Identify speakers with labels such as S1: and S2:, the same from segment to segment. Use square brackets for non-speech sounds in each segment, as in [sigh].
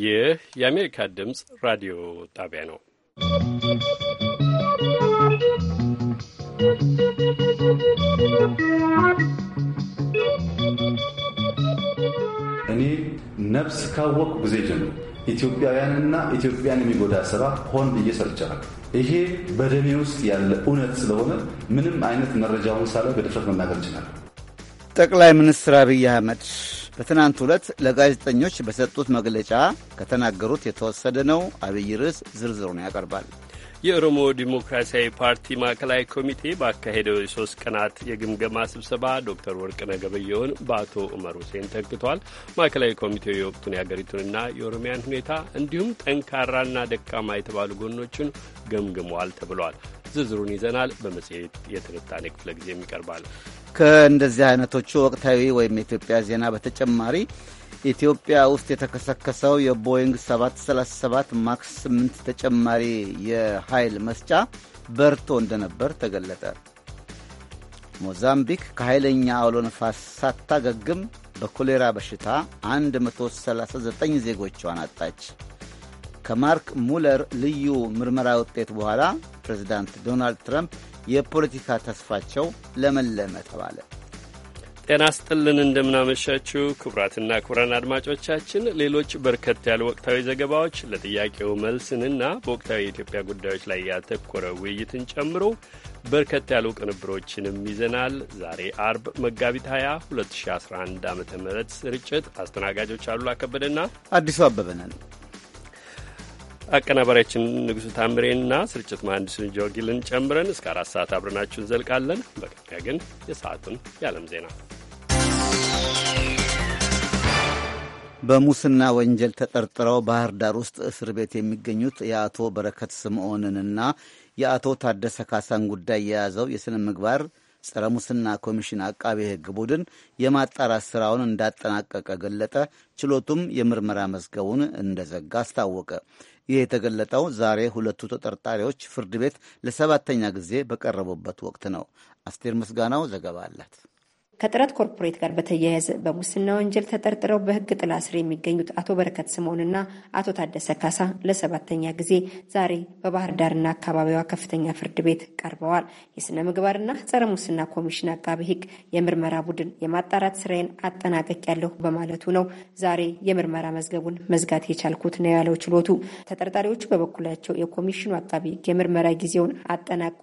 S1: ይህ የአሜሪካ ድምፅ ራዲዮ ጣቢያ ነው።
S2: እኔ ነፍስ ካወቅኩ ጊዜ ጀምሮ ኢትዮጵያውያንና ኢትዮጵያን የሚጎዳ ስራ ሆን ብዬ ሰርቻለሁ። ይሄ በደሜ ውስጥ ያለ እውነት ስለሆነ ምንም አይነት መረጃውን ሳለ በድፍረት መናገር ይችላል። ጠቅላይ ሚኒስትር አብይ አህመድ
S3: በትናንት ዕለት ለጋዜጠኞች በሰጡት መግለጫ ከተናገሩት የተወሰደ ነው። አብይ ርዕስ ዝርዝሩን ያቀርባል።
S1: የኦሮሞ ዲሞክራሲያዊ ፓርቲ ማዕከላዊ ኮሚቴ ባካሄደው የሶስት ቀናት የግምገማ ስብሰባ ዶክተር ወርቅነህ ገበየሁን በአቶ ዑመር ሁሴን ተክቷል። ማዕከላዊ ኮሚቴው የወቅቱን የአገሪቱንና የኦሮሚያን ሁኔታ እንዲሁም ጠንካራና ደካማ የተባሉ ጎኖችን ገምግሟል ተብሏል። ዝርዝሩን ይዘናል። በመጽሔት የትንታኔ ክፍለ ጊዜም ይቀርባል።
S3: ከእንደዚህ አይነቶቹ ወቅታዊ ወይም የኢትዮጵያ ዜና በተጨማሪ ኢትዮጵያ ውስጥ የተከሰከሰው የቦይንግ 737 ማክስ 8 ተጨማሪ የኃይል መስጫ በርቶ እንደነበር ተገለጠ። ሞዛምቢክ ከኃይለኛ አውሎ ነፋስ ሳታገግም በኮሌራ በሽታ 139 ዜጎቿን አጣች። ከማርክ ሙለር ልዩ ምርመራ ውጤት በኋላ ፕሬዚዳንት ዶናልድ ትራምፕ የፖለቲካ ተስፋቸው ለመለመ ተባለ።
S1: ጤና ስጥልን እንደምናመሻችው ክቡራትና ክቡራን አድማጮቻችን። ሌሎች በርከት ያሉ ወቅታዊ ዘገባዎች ለጥያቄው መልስንና በወቅታዊ የኢትዮጵያ ጉዳዮች ላይ ያተኮረ ውይይትን ጨምሮ በርከት ያሉ ቅንብሮችንም ይዘናል። ዛሬ አርብ መጋቢት 20 2011 ዓ ም ስርጭት አስተናጋጆች አሉላ ከበደና
S3: አዲሱ አበበ ነን።
S1: አቀናባሪያችን ንጉሥ ታምሬንና ስርጭት መሐንዲሱን ጆጊልን ጨምረን እስከ አራት ሰዓት አብረናችሁ እንዘልቃለን። በቀጥታ ግን የሰዓቱን የዓለም ዜና
S3: በሙስና ወንጀል ተጠርጥረው ባህር ዳር ውስጥ እስር ቤት የሚገኙት የአቶ በረከት ስምዖንንና የአቶ ታደሰ ካሳን ጉዳይ የያዘው የሥነ ምግባር ጸረ ሙስና ኮሚሽን አቃቤ ሕግ ቡድን የማጣራት ስራውን እንዳጠናቀቀ ገለጠ። ችሎቱም የምርመራ መዝገቡን እንደዘጋ አስታወቀ። ይህ የተገለጠው ዛሬ ሁለቱ ተጠርጣሪዎች ፍርድ ቤት ለሰባተኛ ጊዜ በቀረቡበት ወቅት ነው። አስቴር ምስጋናው ዘገባ አላት።
S4: ከጥረት ኮርፖሬት ጋር በተያያዘ በሙስና ወንጀል ተጠርጥረው በሕግ ጥላ ስር የሚገኙት አቶ በረከት ስምዖንና አቶ ታደሰ ካሳ ለሰባተኛ ጊዜ ዛሬ በባህር ዳርና አካባቢዋ ከፍተኛ ፍርድ ቤት ቀርበዋል። የስነ ምግባርና ጸረ ሙስና ኮሚሽን አቃቢ ሕግ የምርመራ ቡድን የማጣራት ስራዬን አጠናቀቅ ያለሁ በማለቱ ነው ዛሬ የምርመራ መዝገቡን መዝጋት የቻልኩት ነው ያለው ችሎቱ። ተጠርጣሪዎቹ በበኩላቸው የኮሚሽኑ አቃቢ ሕግ የምርመራ ጊዜውን አጠናቆ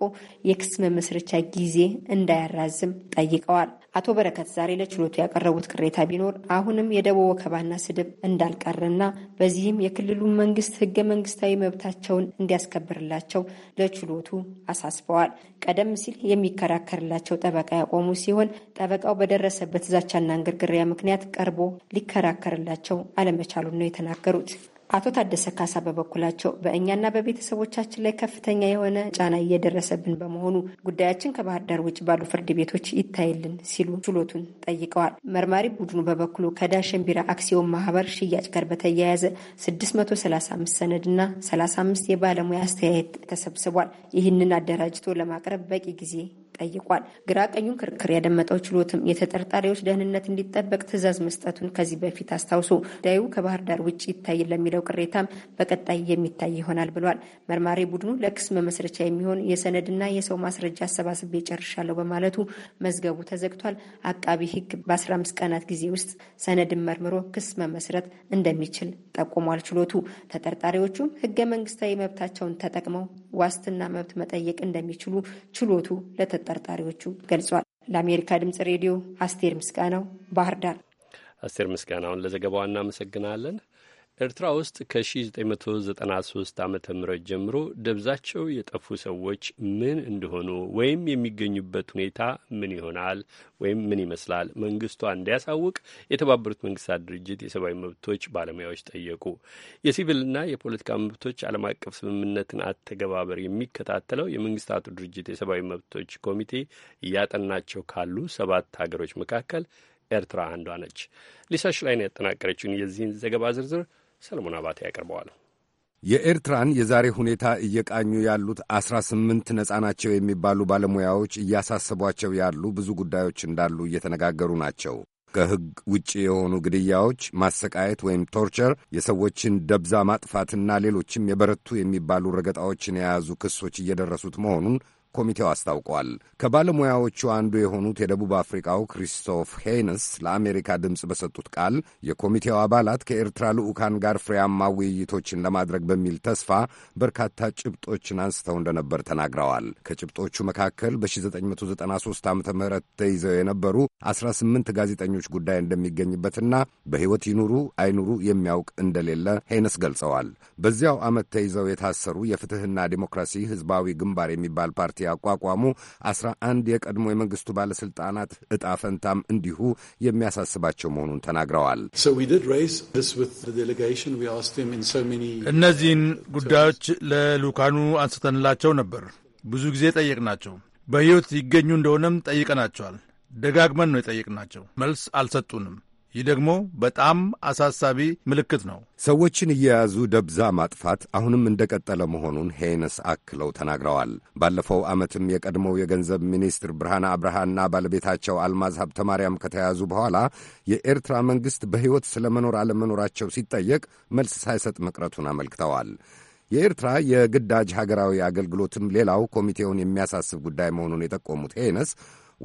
S4: የክስ መመስረቻ ጊዜ እንዳያራዝም ጠይቀዋል። አቶ በረከት ዛሬ ለችሎቱ ያቀረቡት ቅሬታ ቢኖር አሁንም የደቦ ወከባና ስድብ እንዳልቀርና በዚህም የክልሉ መንግስት ህገ መንግስታዊ መብታቸውን እንዲያስከብርላቸው ለችሎቱ አሳስበዋል። ቀደም ሲል የሚከራከርላቸው ጠበቃ ያቆሙ ሲሆን ጠበቃው በደረሰበት ዛቻና እንግርግሪያ ምክንያት ቀርቦ ሊከራከርላቸው አለመቻሉን ነው የተናገሩት። አቶ ታደሰ ካሳ በበኩላቸው በእኛና በቤተሰቦቻችን ላይ ከፍተኛ የሆነ ጫና እየደረሰብን በመሆኑ ጉዳያችን ከባህር ዳር ውጭ ባሉ ፍርድ ቤቶች ይታይልን ሲሉ ችሎቱን ጠይቀዋል። መርማሪ ቡድኑ በበኩሉ ከዳሽን ቢራ አክሲዮን ማህበር ሽያጭ ጋር በተያያዘ 635 ሰነድ እና 35 የባለሙያ አስተያየት ተሰብስቧል። ይህንን አደራጅቶ ለማቅረብ በቂ ጊዜ ጠይቋል። ግራ ቀኙን ክርክር ያደመጠው ችሎትም የተጠርጣሪዎች ደህንነት እንዲጠበቅ ትዕዛዝ መስጠቱን ከዚህ በፊት አስታውሶ ጉዳዩ ከባህር ዳር ውጭ ይታይ ለሚለው ቅሬታም በቀጣይ የሚታይ ይሆናል ብሏል። መርማሪ ቡድኑ ለክስ መመስረቻ የሚሆን የሰነድና የሰው ማስረጃ አሰባስቤ ጨርሻለሁ በማለቱ መዝገቡ ተዘግቷል። አቃቢ ሕግ በ15 ቀናት ጊዜ ውስጥ ሰነድን መርምሮ ክስ መመስረት እንደሚችል ጠቁሟል። ችሎቱ ተጠርጣሪዎቹም ህገ መንግስታዊ መብታቸውን ተጠቅመው ዋስትና መብት መጠየቅ እንደሚችሉ ችሎቱ ለተጠርጣሪዎቹ ገልጿል። ለአሜሪካ ድምጽ ሬዲዮ አስቴር ምስጋናው ባህር ዳር።
S1: አስቴር ምስጋናውን ለዘገባዋ እናመሰግናለን። ኤርትራ ውስጥ ከ1993 ዓ ም ጀምሮ ደብዛቸው የጠፉ ሰዎች ምን እንደሆኑ ወይም የሚገኙበት ሁኔታ ምን ይሆናል ወይም ምን ይመስላል መንግስቷ እንዲያሳውቅ የተባበሩት መንግስታት ድርጅት የሰብአዊ መብቶች ባለሙያዎች ጠየቁ። የሲቪልና የፖለቲካ መብቶች ዓለም አቀፍ ስምምነትን አተገባበር የሚከታተለው የመንግስታቱ ድርጅት የሰብአዊ መብቶች ኮሚቴ እያጠናቸው ካሉ ሰባት ሀገሮች መካከል ኤርትራ አንዷ ነች። ሊሳ ሽላይን ያጠናቀረችውን የዚህን ዘገባ ዝርዝር ሰለሞን አባቴ ያቀርበዋል።
S5: የኤርትራን የዛሬ ሁኔታ እየቃኙ ያሉት አስራ ስምንት ነጻ ናቸው የሚባሉ ባለሙያዎች እያሳሰቧቸው ያሉ ብዙ ጉዳዮች እንዳሉ እየተነጋገሩ ናቸው። ከሕግ ውጭ የሆኑ ግድያዎች፣ ማሰቃየት ወይም ቶርቸር፣ የሰዎችን ደብዛ ማጥፋትና ሌሎችም የበረቱ የሚባሉ ረገጣዎችን የያዙ ክሶች እየደረሱት መሆኑን ኮሚቴው አስታውቋል። ከባለሙያዎቹ አንዱ የሆኑት የደቡብ አፍሪካው ክሪስቶፍ ሄይንስ ለአሜሪካ ድምፅ በሰጡት ቃል የኮሚቴው አባላት ከኤርትራ ልዑካን ጋር ፍሬያማ ውይይቶችን ለማድረግ በሚል ተስፋ በርካታ ጭብጦችን አንስተው እንደነበር ተናግረዋል። ከጭብጦቹ መካከል በ1993 ዓ ም ተይዘው የነበሩ 18 ጋዜጠኞች ጉዳይ እንደሚገኝበትና በሕይወት ይኑሩ አይኑሩ የሚያውቅ እንደሌለ ሄይንስ ገልጸዋል። በዚያው ዓመት ተይዘው የታሰሩ የፍትሕና ዲሞክራሲ ሕዝባዊ ግንባር የሚባል ፓርቲ ያቋቋሙ 11 የቀድሞ የመንግስቱ ባለሥልጣናት ዕጣ ፈንታም እንዲሁ የሚያሳስባቸው መሆኑን ተናግረዋል።
S6: እነዚህን ጉዳዮች ለልኡካኑ አንስተንላቸው ነበር። ብዙ ጊዜ ጠየቅናቸው። በሕይወት ይገኙ እንደሆነም ጠይቀናቸዋል። ደጋግመን ነው የጠየቅናቸው። መልስ አልሰጡንም። ይህ ደግሞ በጣም አሳሳቢ ምልክት ነው።
S5: ሰዎችን እየያዙ ደብዛ ማጥፋት አሁንም እንደቀጠለ መሆኑን ሄነስ አክለው ተናግረዋል። ባለፈው ዓመትም የቀድሞው የገንዘብ ሚኒስትር ብርሃነ አብርሃና ባለቤታቸው አልማዝ ሀብተ ማርያም ከተያዙ በኋላ የኤርትራ መንግሥት በሕይወት ስለ መኖር አለመኖራቸው ሲጠየቅ መልስ ሳይሰጥ መቅረቱን አመልክተዋል። የኤርትራ የግዳጅ ሀገራዊ አገልግሎትም ሌላው ኮሚቴውን የሚያሳስብ ጉዳይ መሆኑን የጠቆሙት ሄነስ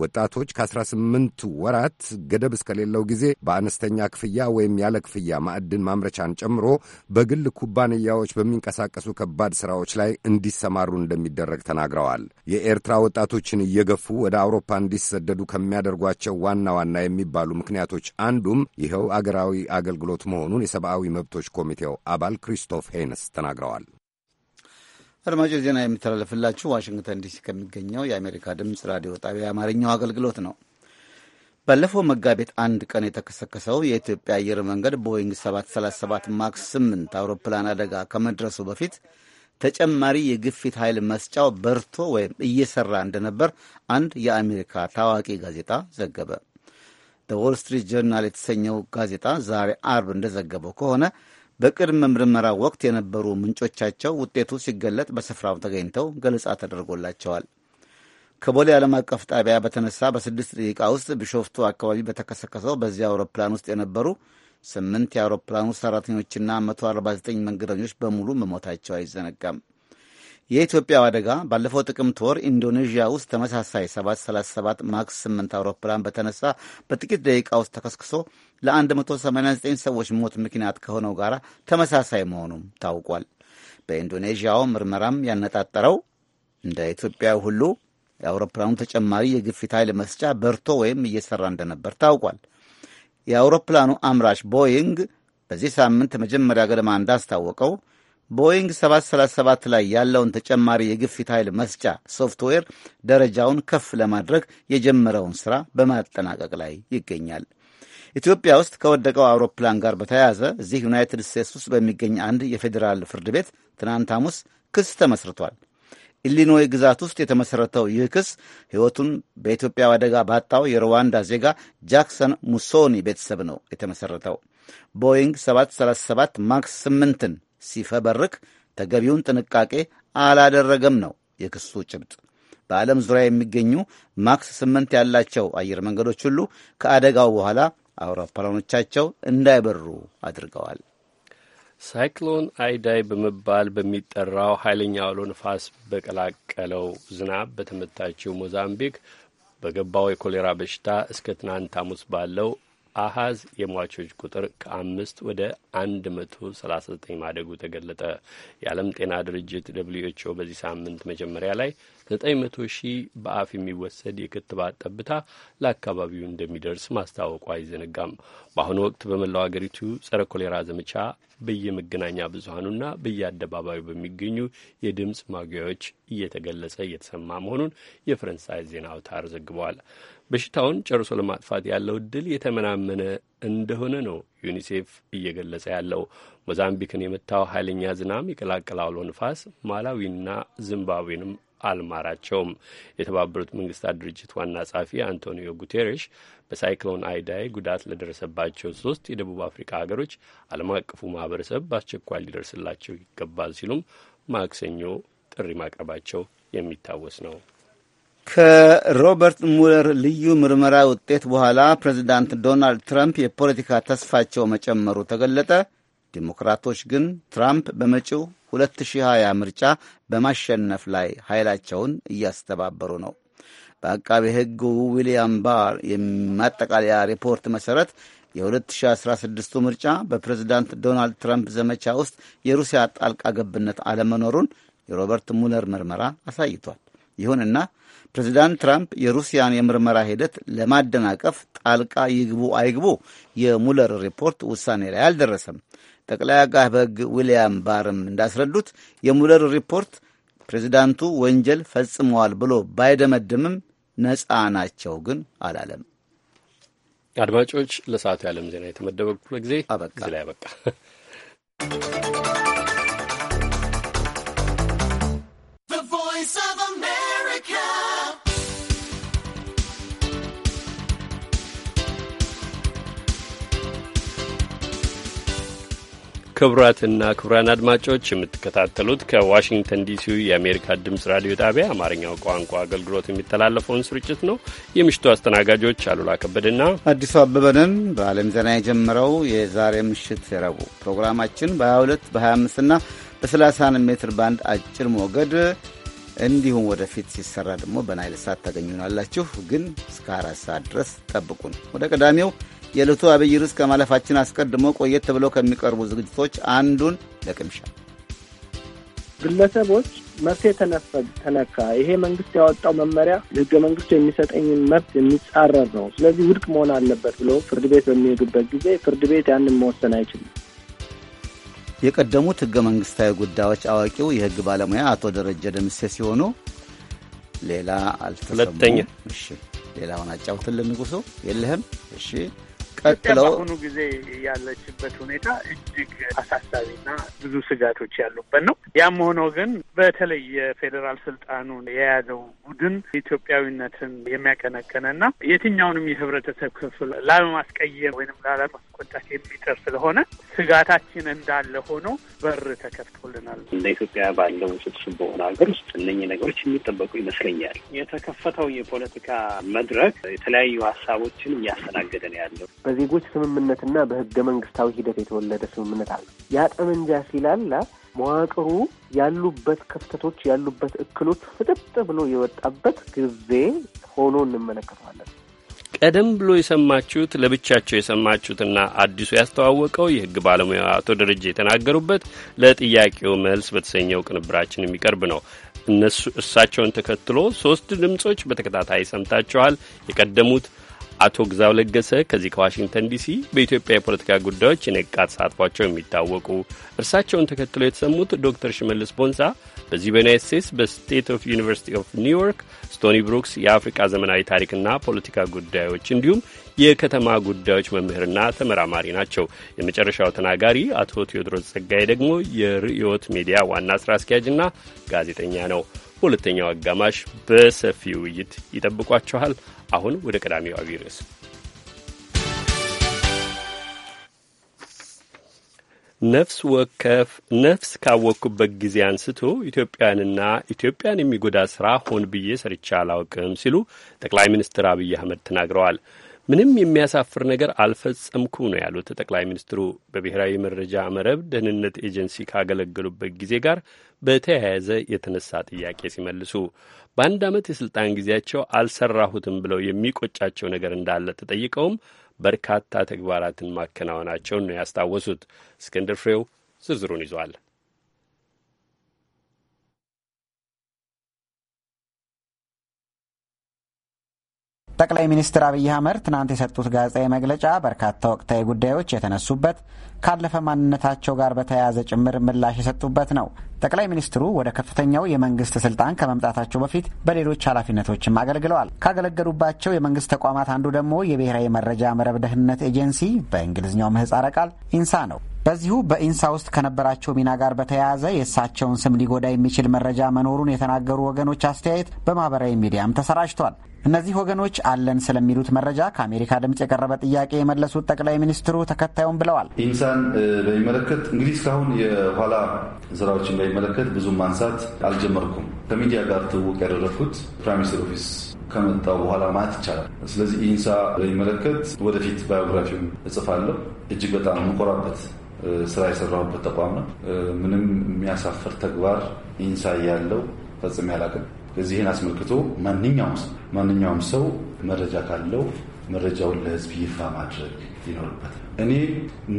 S5: ወጣቶች ከ18 ወራት ገደብ እስከሌለው ጊዜ በአነስተኛ ክፍያ ወይም ያለ ክፍያ ማዕድን ማምረቻን ጨምሮ በግል ኩባንያዎች በሚንቀሳቀሱ ከባድ ሥራዎች ላይ እንዲሰማሩ እንደሚደረግ ተናግረዋል። የኤርትራ ወጣቶችን እየገፉ ወደ አውሮፓ እንዲሰደዱ ከሚያደርጓቸው ዋና ዋና የሚባሉ ምክንያቶች አንዱም ይኸው አገራዊ አገልግሎት መሆኑን የሰብአዊ መብቶች ኮሚቴው አባል ክሪስቶፍ ሄንስ ተናግረዋል።
S3: አድማጮች ዜና የሚተላለፍላችሁ ዋሽንግተን ዲሲ ከሚገኘው የአሜሪካ ድምፅ ራዲዮ ጣቢያ የአማርኛው አገልግሎት ነው። ባለፈው መጋቢት አንድ ቀን የተከሰከሰው የኢትዮጵያ አየር መንገድ ቦይንግ 737 ማክስ 8 አውሮፕላን አደጋ ከመድረሱ በፊት ተጨማሪ የግፊት ኃይል መስጫው በርቶ ወይም እየሰራ እንደነበር አንድ የአሜሪካ ታዋቂ ጋዜጣ ዘገበ። ዘ ዎል ስትሪት ጆርናል የተሰኘው ጋዜጣ ዛሬ አርብ እንደዘገበው ከሆነ በቅድመ ምርመራ ወቅት የነበሩ ምንጮቻቸው ውጤቱ ሲገለጥ በስፍራው ተገኝተው ገለጻ ተደርጎላቸዋል። ከቦሌ ዓለም አቀፍ ጣቢያ በተነሳ በስድስት ደቂቃ ውስጥ ቢሾፍቱ አካባቢ በተከሰከሰው በዚያ አውሮፕላን ውስጥ የነበሩ ስምንት የአውሮፕላኑ ሰራተኞችና 149 መንገደኞች በሙሉ መሞታቸው አይዘነጋም። የኢትዮጵያው አደጋ ባለፈው ጥቅምት ወር ኢንዶኔዥያ ውስጥ ተመሳሳይ 737 ማክስ 8 አውሮፕላን በተነሳ በጥቂት ደቂቃ ውስጥ ተከስክሶ ለ189 ሰዎች ሞት ምክንያት ከሆነው ጋር ተመሳሳይ መሆኑም ታውቋል። በኢንዶኔዥያው ምርመራም ያነጣጠረው እንደ ኢትዮጵያ ሁሉ የአውሮፕላኑ ተጨማሪ የግፊት ኃይል መስጫ በርቶ ወይም እየሰራ እንደነበር ታውቋል። የአውሮፕላኑ አምራች ቦይንግ በዚህ ሳምንት መጀመሪያ ገደማ እንዳስታወቀው ቦይንግ 737 ላይ ያለውን ተጨማሪ የግፊት ኃይል መስጫ ሶፍትዌር ደረጃውን ከፍ ለማድረግ የጀመረውን ሥራ በማጠናቀቅ ላይ ይገኛል። ኢትዮጵያ ውስጥ ከወደቀው አውሮፕላን ጋር በተያያዘ እዚህ ዩናይትድ ስቴትስ ውስጥ በሚገኝ አንድ የፌዴራል ፍርድ ቤት ትናንት ሐሙስ ክስ ተመስርቷል። ኢሊኖይ ግዛት ውስጥ የተመሠረተው ይህ ክስ ሕይወቱን በኢትዮጵያ አደጋ ባጣው የሩዋንዳ ዜጋ ጃክሰን ሙሶኒ ቤተሰብ ነው የተመሠረተው። ቦይንግ 737 ማክስ 8ን ሲፈበርክ ተገቢውን ጥንቃቄ አላደረገም ነው የክሱ ጭብጥ። በዓለም ዙሪያ የሚገኙ ማክስ ስምንት ያላቸው አየር መንገዶች ሁሉ ከአደጋው በኋላ አውሮፕላኖቻቸው እንዳይበሩ አድርገዋል።
S1: ሳይክሎን አይዳይ በመባል በሚጠራው ኃይለኛ አውሎ ነፋስ በቀላቀለው ዝናብ በተመታችው ሞዛምቢክ በገባው የኮሌራ በሽታ እስከ ትናንት ሐሙስ ባለው አሃዝ የሟቾች ቁጥር ከአምስት ወደ አንድ መቶ ሰላሳ ዘጠኝ ማደጉ ተገለጠ። የዓለም ጤና ድርጅት ደብልዩ ኤች ኦ በዚህ ሳምንት መጀመሪያ ላይ 900 ሺህ በአፍ የሚወሰድ የክትባት ጠብታ ለአካባቢው እንደሚደርስ ማስታወቁ አይዘነጋም። በአሁኑ ወቅት በመላው አገሪቱ ጸረ ኮሌራ ዘመቻ በየመገናኛ ብዙሀኑና በየአደባባዩ በሚገኙ የድምፅ ማጉያዎች እየተገለጸ እየተሰማ መሆኑን የፈረንሳይ ዜና አውታር ዘግበዋል። በሽታውን ጨርሶ ለማጥፋት ያለው እድል የተመናመነ እንደሆነ ነው ዩኒሴፍ እየገለጸ ያለው። ሞዛምቢክን የመታው ኃይለኛ ዝናም የቀላቀለ አውሎ ንፋስ ማላዊና ዚምባብዌንም አልማራቸውም። የተባበሩት መንግስታት ድርጅት ዋና ጸሐፊ አንቶኒዮ ጉቴሬሽ በሳይክሎን አይዳይ ጉዳት ለደረሰባቸው ሶስት የደቡብ አፍሪካ ሀገሮች ዓለም አቀፉ ማህበረሰብ በአስቸኳይ ሊደርስላቸው ይገባል ሲሉም ማክሰኞ ጥሪ ማቅረባቸው የሚታወስ ነው።
S3: ከሮበርት ሙለር ልዩ ምርመራ ውጤት በኋላ ፕሬዚዳንት ዶናልድ ትራምፕ የፖለቲካ ተስፋቸው መጨመሩ ተገለጠ። ዲሞክራቶች ግን ትራምፕ በመጪው 2020 ምርጫ በማሸነፍ ላይ ኃይላቸውን እያስተባበሩ ነው። በአቃቤ ሕጉ ዊልያም ባር የማጠቃለያ ሪፖርት መሠረት የ2016ቱ ምርጫ በፕሬዝዳንት ዶናልድ ትራምፕ ዘመቻ ውስጥ የሩሲያ ጣልቃ ገብነት አለመኖሩን የሮበርት ሙለር ምርመራ አሳይቷል። ይሁንና ፕሬዝዳንት ትራምፕ የሩሲያን የምርመራ ሂደት ለማደናቀፍ ጣልቃ ይግቡ አይግቡ የሙለር ሪፖርት ውሳኔ ላይ አልደረሰም። ጠቅላይ አቃቤ ሕግ ዊልያም ባርም እንዳስረዱት የሙለር ሪፖርት ፕሬዚዳንቱ ወንጀል ፈጽመዋል ብሎ ባይደመድምም ነፃ
S1: ናቸው ግን አላለም። አድማጮች፣ ለሰዓቱ የዓለም ዜና የተመደበው ክፍለ ጊዜ አበቃ። ክቡራትና ክቡራን አድማጮች የምትከታተሉት ከዋሽንግተን ዲሲ የአሜሪካ ድምፅ ራዲዮ ጣቢያ አማርኛው ቋንቋ አገልግሎት የሚተላለፈውን ስርጭት ነው። የምሽቱ አስተናጋጆች አሉላ ከበድና
S3: አዲሱ አበበንን በዓለም ዜና የጀመረው የዛሬ ምሽት የረቡዕ ፕሮግራማችን በ22 በ25 ና በ31 ሜትር ባንድ አጭር ሞገድ እንዲሁም ወደፊት ሲሰራ ደግሞ በናይል ሳት ታገኙናላችሁ። ግን እስከ አራት ሰዓት ድረስ ጠብቁን። ወደ ቀዳሚው የዕለቱ አብይ ርዕስ ከማለፋችን አስቀድሞ ቆየት ተብለው ከሚቀርቡ ዝግጅቶች አንዱን ለቅምሻ
S7: ግለሰቦች መብቴ ተነካ፣ ይሄ መንግስት ያወጣው መመሪያ ህገ መንግስቱ የሚሰጠኝን መብት የሚጻረር ነው፣ ስለዚህ ውድቅ መሆን አለበት ብሎ ፍርድ ቤት በሚሄዱበት ጊዜ ፍርድ ቤት ያንን መወሰን አይችልም።
S3: የቀደሙት ህገ መንግስታዊ ጉዳዮች አዋቂው የህግ ባለሙያ አቶ ደረጀ ደምሴ ሲሆኑ ሌላ አልተሰሙ። ሁለተኛ ሌላውን አጫውትን ልንጉሶ የለህም። እሺ ቀጥለው በአሁኑ
S8: ጊዜ ያለችበት ሁኔታ እጅግ አሳሳቢና ብዙ ስጋቶች ያሉበት ነው። ያም ሆኖ ግን በተለይ የፌዴራል ስልጣኑን የያዘው ቡድን ኢትዮጵያዊነትን የሚያቀነቅንና የትኛውንም የህብረተሰብ ክፍል ላለማስቀየር ወይንም ላለማስቆጣት የሚጥር ስለሆነ ስጋታችን እንዳለ ሆኖ በር ተከፍቶልናል። እንደ ኢትዮጵያ
S9: ባለው ስብስብ በሆነ ሀገር ውስጥ እነኚህ ነገሮች የሚጠበቁ ይመስለኛል።
S8: የተከፈተው የፖለቲካ
S9: መድረክ የተለያዩ ሀሳቦችን እያስተናገደ ነው ያለው። በዜጎች ስምምነትና በህገ
S10: መንግስታዊ ሂደት የተወለደ ስምምነት አለ። ያ ጠመንጃ ሲላላ መዋቅሩ ያሉበት ክፍተቶች ያሉበት እክሎች ፍጥጥ ብሎ የወጣበት ጊዜ ሆኖ እንመለከተዋለን።
S1: ቀደም ብሎ የሰማችሁት ለብቻቸው የሰማችሁትና አዲሱ ያስተዋወቀው የህግ ባለሙያ አቶ ደረጀ የተናገሩበት ለጥያቄው መልስ በተሰኘው ቅንብራችን የሚቀርብ ነው። እነሱ እሳቸውን ተከትሎ ሶስት ድምጾች በተከታታይ ሰምታችኋል። የቀደሙት አቶ ግዛው ለገሰ ከዚህ ከዋሽንግተን ዲሲ በኢትዮጵያ የፖለቲካ ጉዳዮች የነቃ ተሳትፏቸው የሚታወቁ እርሳቸውን ተከትሎ የተሰሙት ዶክተር ሽመልስ ቦንሳ በዚህ በዩናይት ስቴትስ በስቴት ኦፍ ዩኒቨርሲቲ ኦፍ ኒውዮርክ ስቶኒ ብሩክስ የአፍሪቃ ዘመናዊ ታሪክና ፖለቲካ ጉዳዮች እንዲሁም የከተማ ጉዳዮች መምህርና ተመራማሪ ናቸው። የመጨረሻው ተናጋሪ አቶ ቴዎድሮስ ጸጋዬ ደግሞ የርዕዮት ሚዲያ ዋና ስራ አስኪያጅና ጋዜጠኛ ነው። በሁለተኛው አጋማሽ በሰፊ ውይይት ይጠብቋችኋል። አሁን ወደ ቀዳሚው አብይ ርዕስ ነፍስ ወከፍ ነፍስ ካወቅኩበት ጊዜ አንስቶ ኢትዮጵያንና ኢትዮጵያን የሚጎዳ ስራ ሆን ብዬ ሰርቻ አላውቅም ሲሉ ጠቅላይ ሚኒስትር አብይ አህመድ ተናግረዋል። ምንም የሚያሳፍር ነገር አልፈጸምኩም ነው ያሉት ጠቅላይ ሚኒስትሩ በብሔራዊ መረጃ መረብ ደህንነት ኤጀንሲ ካገለገሉበት ጊዜ ጋር በተያያዘ የተነሳ ጥያቄ ሲመልሱ በአንድ ዓመት የሥልጣን ጊዜያቸው አልሰራሁትም ብለው የሚቆጫቸው ነገር እንዳለ ተጠይቀውም በርካታ ተግባራትን ማከናወናቸውን ነው ያስታወሱት። እስክንድር ፍሬው ዝርዝሩን ይዟል።
S11: ጠቅላይ ሚኒስትር አብይ አህመድ ትናንት የሰጡት ጋዜጣዊ መግለጫ በርካታ ወቅታዊ ጉዳዮች የተነሱበት ካለፈ ማንነታቸው ጋር በተያያዘ ጭምር ምላሽ የሰጡበት ነው። ጠቅላይ ሚኒስትሩ ወደ ከፍተኛው የመንግስት ስልጣን ከመምጣታቸው በፊት በሌሎች ኃላፊነቶችም አገልግለዋል። ካገለገሉባቸው የመንግስት ተቋማት አንዱ ደግሞ የብሔራዊ መረጃ መረብ ደህንነት ኤጀንሲ በእንግሊዝኛው ምህጻረ ቃል ኢንሳ ነው። በዚሁ በኢንሳ ውስጥ ከነበራቸው ሚና ጋር በተያያዘ የእሳቸውን ስም ሊጎዳ የሚችል መረጃ መኖሩን የተናገሩ ወገኖች አስተያየት በማህበራዊ ሚዲያም ተሰራጭቷል። እነዚህ ወገኖች አለን ስለሚሉት መረጃ ከአሜሪካ ድምፅ የቀረበ ጥያቄ የመለሱት ጠቅላይ ሚኒስትሩ ተከታዩም
S2: ብለዋል። ኢንሳን በሚመለከት እንግዲህ እስካሁን የኋላ ስራዎችን በሚመለከት ብዙ ማንሳት አልጀመርኩም። ከሚዲያ ጋር ትውውቅ ያደረግኩት ፕራይም ሚኒስትር ኦፊስ ከመጣው በኋላ ማለት ይቻላል። ስለዚህ ኢንሳ በሚመለከት ወደፊት ባዮግራፊውን እጽፋለሁ። እጅግ በጣም የምኮራበት ስራ የሰራሁበት ተቋም ነው። ምንም የሚያሳፍር ተግባር ኢንሳ ያለው ፈጽሜ አላውቅም። እዚህን አስመልክቶ ማንኛውም ሰው መረጃ ካለው መረጃውን ለህዝብ ይፋ ማድረግ ይኖርበታል። እኔ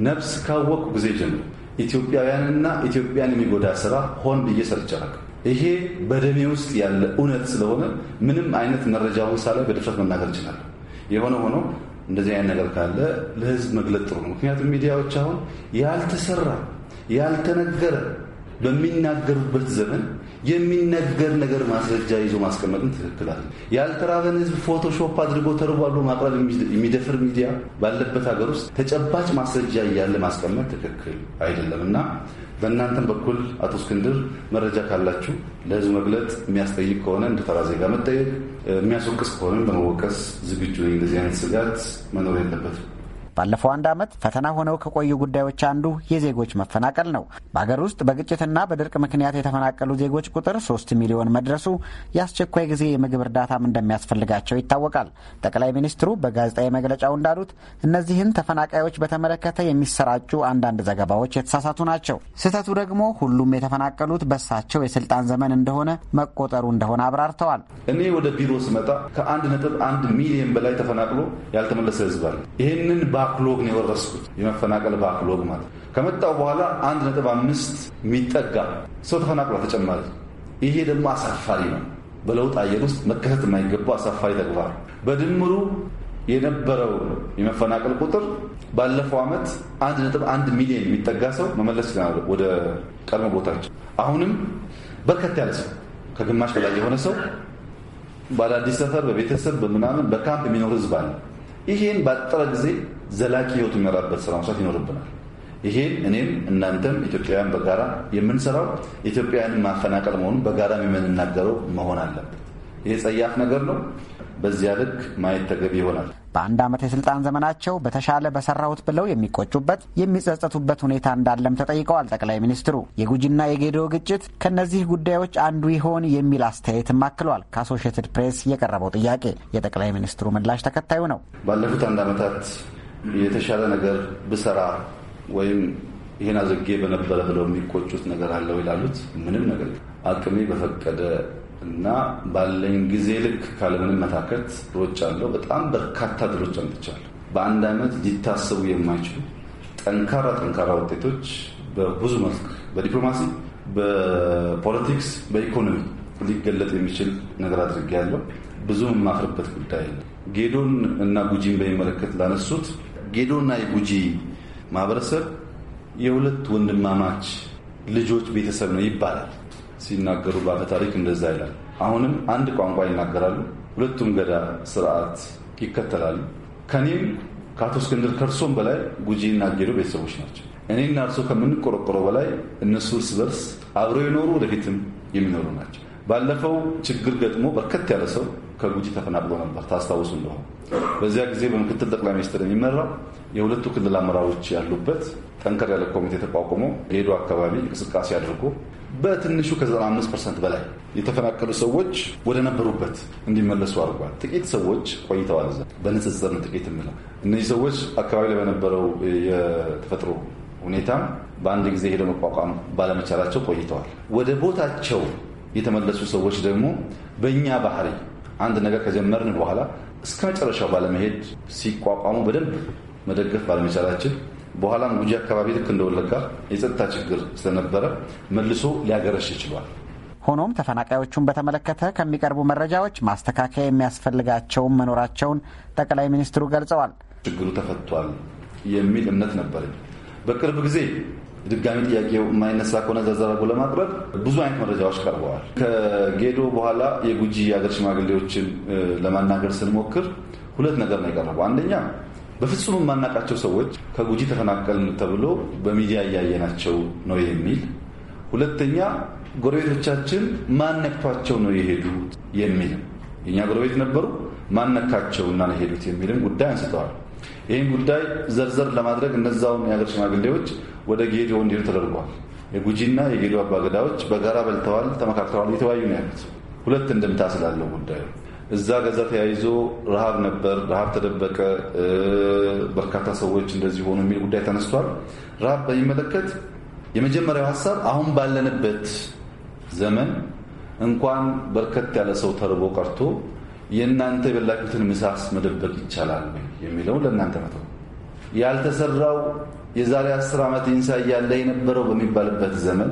S2: ነፍስ ካወቅኩ ጊዜ ጀምሮ ኢትዮጵያውያንና ኢትዮጵያን የሚጎዳ ስራ ሆን ብዬ ሰርቼ ይሄ በደሜ ውስጥ ያለ እውነት ስለሆነ ምንም አይነት መረጃውን ሳላይ በድፍረት መናገር እችላለሁ። የሆነ ሆኖ እንደዚህ አይነት ነገር ካለ ለህዝብ መግለጥ ጥሩ ነው። ምክንያቱም ሚዲያዎች አሁን ያልተሰራ ያልተነገረ በሚናገሩበት ዘመን የሚነገር ነገር ማስረጃ ይዞ ማስቀመጥን ትክክል አለ። ያልተራበን ህዝብ ፎቶሾፕ አድርጎ ተርቧሉ ማቅረብ የሚደፍር ሚዲያ ባለበት ሀገር ውስጥ ተጨባጭ ማስረጃ እያለ ማስቀመጥ ትክክል አይደለም እና በእናንተም በኩል አቶ እስክንድር መረጃ ካላችሁ ለህዝብ መግለጥ የሚያስጠይቅ ከሆነ እንደ ተራ ዜጋ መጠየቅ የሚያስወቅስ ከሆነ በመወቀስ ዝግጁ ነኝ። እንደዚህ አይነት ስጋት መኖር የለበትም።
S11: ባለፈው አንድ ዓመት ፈተና ሆነው ከቆዩ ጉዳዮች አንዱ የዜጎች መፈናቀል ነው። በአገር ውስጥ በግጭትና በድርቅ ምክንያት የተፈናቀሉ ዜጎች ቁጥር ሶስት ሚሊዮን መድረሱ የአስቸኳይ ጊዜ የምግብ እርዳታም እንደሚያስፈልጋቸው ይታወቃል። ጠቅላይ ሚኒስትሩ በጋዜጣዊ መግለጫው እንዳሉት እነዚህን ተፈናቃዮች በተመለከተ የሚሰራጩ አንዳንድ ዘገባዎች የተሳሳቱ ናቸው። ስህተቱ ደግሞ ሁሉም የተፈናቀሉት በሳቸው የስልጣን ዘመን እንደሆነ መቆጠሩ እንደሆነ አብራርተዋል። እኔ ወደ ቢሮ ስመጣ
S2: ከአንድ ነጥብ አንድ ሚሊዮን በላይ ተፈናቅሎ ያልተመለሰ ህዝብ አለ። ይህንን ባክሎግ ነው የወረስኩት። የመፈናቀል ባክሎግ ማለት ከመጣው በኋላ አንድ ነጥብ አምስት የሚጠጋ ሰው ተፈናቅሏል ተጨማሪ። ይሄ ደግሞ አሳፋሪ ነው። በለውጥ አየር ውስጥ መከሰት የማይገባው አሳፋሪ ተግባር። በድምሩ የነበረው የመፈናቀል ቁጥር ባለፈው ዓመት አንድ ነጥብ አንድ ሚሊዮን የሚጠጋ ሰው መመለስ ይችላል ወደ ቀድሞ ቦታቸው። አሁንም በርከት ያለ ሰው ከግማሽ በላይ የሆነ ሰው በአዳዲስ ሰፈር በቤተሰብ በምናምን በካምፕ የሚኖር ህዝብ አለ። ይህን ባጠረ ጊዜ ዘላቂ ህይወት የሚመራበት ስራ መስራት ይኖርብናል። ይሄ እኔም እናንተም ኢትዮጵያውያን በጋራ የምንሰራው ኢትዮጵያውያንን ማፈናቀል መሆኑን በጋራ የምንናገረው መሆን አለበት። ይሄ ጸያፍ ነገር ነው። በዚያ ልክ ማየት ተገቢ ይሆናል።
S11: በአንድ ዓመት የስልጣን ዘመናቸው በተሻለ በሰራሁት ብለው የሚቆጩበት የሚጸጸቱበት ሁኔታ እንዳለም ተጠይቀዋል ጠቅላይ ሚኒስትሩ። የጉጂና የጌዲኦ ግጭት ከእነዚህ ጉዳዮች አንዱ ይሆን የሚል አስተያየትም አክሏል። ከአሶሽየትድ ፕሬስ የቀረበው ጥያቄ የጠቅላይ ሚኒስትሩ ምላሽ ተከታዩ ነው። ባለፉት አንድ ዓመታት
S2: የተሻለ ነገር ብሰራ ወይም ይሄን አዘጌ በነበረ ብለው የሚቆጩት ነገር አለው ይላሉት። ምንም ነገር አቅሜ በፈቀደ እና ባለኝ ጊዜ ልክ ካለምንም መታከት ድሮች አለው። በጣም በርካታ ድሮች አምጥቻለሁ። በአንድ ዓመት ሊታሰቡ የማይችሉ ጠንካራ ጠንካራ ውጤቶች በብዙ መልክ በዲፕሎማሲ፣ በፖለቲክስ፣ በኢኮኖሚ ሊገለጥ የሚችል ነገር አድርጌያለሁ። ብዙ የማፍርበት ጉዳይ ጌዶን እና ጉጂን በሚመለከት ላነሱት ጌዶና የጉጂ ማህበረሰብ የሁለት ወንድማማች ልጆች ቤተሰብ ነው ይባላል። ሲናገሩ በአፈ ታሪክ እንደዛ ይላል። አሁንም አንድ ቋንቋ ይናገራሉ። ሁለቱም ገዳ ስርዓት ይከተላሉ። ከኔም ከአቶ እስክንድር ከእርሶም በላይ ጉጂና ጌዶ ቤተሰቦች ናቸው። እኔና እርሶ ከምንቆረቆረው በላይ እነሱ እርስ በርስ አብረው የኖሩ ወደፊትም የሚኖሩ ናቸው። ባለፈው ችግር ገጥሞ በርከት ያለ ሰው ከጉጂ ተፈናቅሎ ነበር ታስታውሱ እንደሆነ። በዚያ ጊዜ በምክትል ጠቅላይ ሚኒስትር የሚመራ የሁለቱ ክልል አመራሮች ያሉበት ጠንከር ያለ ኮሚቴ ተቋቁሞ የሄዱ አካባቢ እንቅስቃሴ አድርጎ በትንሹ ከ95 ፐርሰንት በላይ የተፈናቀሉ ሰዎች ወደ ነበሩበት እንዲመለሱ አድርጓል። ጥቂት ሰዎች ቆይተዋል። ዛ በንጽጽር ነው ጥቂት የምለው እነዚህ ሰዎች አካባቢ ላይ በነበረው የተፈጥሮ ሁኔታም በአንድ ጊዜ ሄደው መቋቋም ባለመቻላቸው ቆይተዋል። ወደ ቦታቸው የተመለሱ ሰዎች ደግሞ በእኛ ባህሪ አንድ ነገር ከጀመርን በኋላ እስከ መጨረሻው ባለመሄድ ሲቋቋሙ በደንብ መደገፍ ባለመቻላችን በኋላም ጉጂ አካባቢ ልክ እንደወለጋ የጸጥታ ችግር ስለነበረ መልሶ ሊያገረሽ ይችሏል።
S11: ሆኖም ተፈናቃዮቹን በተመለከተ ከሚቀርቡ መረጃዎች ማስተካከያ የሚያስፈልጋቸውም መኖራቸውን ጠቅላይ ሚኒስትሩ ገልጸዋል።
S2: ችግሩ ተፈቷል የሚል እምነት ነበረኝ። በቅርብ ጊዜ ድጋሚ ጥያቄ የማይነሳ ከሆነ ዘዘረጉ ለማቅረብ ብዙ አይነት መረጃዎች ቀርበዋል። ከጌዶ በኋላ የጉጂ የአገር ሽማግሌዎችን ለማናገር ስንሞክር ሁለት ነገር ነው የቀረበው። አንደኛ በፍጹም የማናውቃቸው ሰዎች ከጉጂ ተፈናቀልን ተብሎ በሚዲያ እያየናቸው ነው የሚል፣ ሁለተኛ ጎረቤቶቻችን ማነቅቷቸው ነው የሄዱት የሚል የእኛ ጎረቤት ነበሩ እና ነው የሄዱት የሚልም ጉዳይ አንስተዋል። ይህን ጉዳይ ዘርዘር ለማድረግ እነዛውን የሀገር ሽማግሌዎች ወደ ጌዲዮ እንዲሄዱ ተደርጓል። የጉጂና የጌዲ አባገዳዎች በጋራ በልተዋል፣ ተመካክረዋል፣ እየተወያዩ ነው ያሉት። ሁለት እንድምታ ስላለው ጉዳዩ እዛ ገዛ ተያይዞ ረሃብ ነበር፣ ረሃብ ተደበቀ፣ በርካታ ሰዎች እንደዚህ ሆኑ የሚል ጉዳይ ተነስቷል። ረሃብ በሚመለከት የመጀመሪያው ሀሳብ አሁን ባለንበት ዘመን እንኳን በርከት ያለ ሰው ተርቦ ቀርቶ የእናንተ የበላችሁትን ምሳስ መደበቅ ይቻላል ወይ ለእናንተ መተው። ያልተሰራው የዛሬ አስር ዓመት ኢንሳ እያለ የነበረው በሚባልበት ዘመን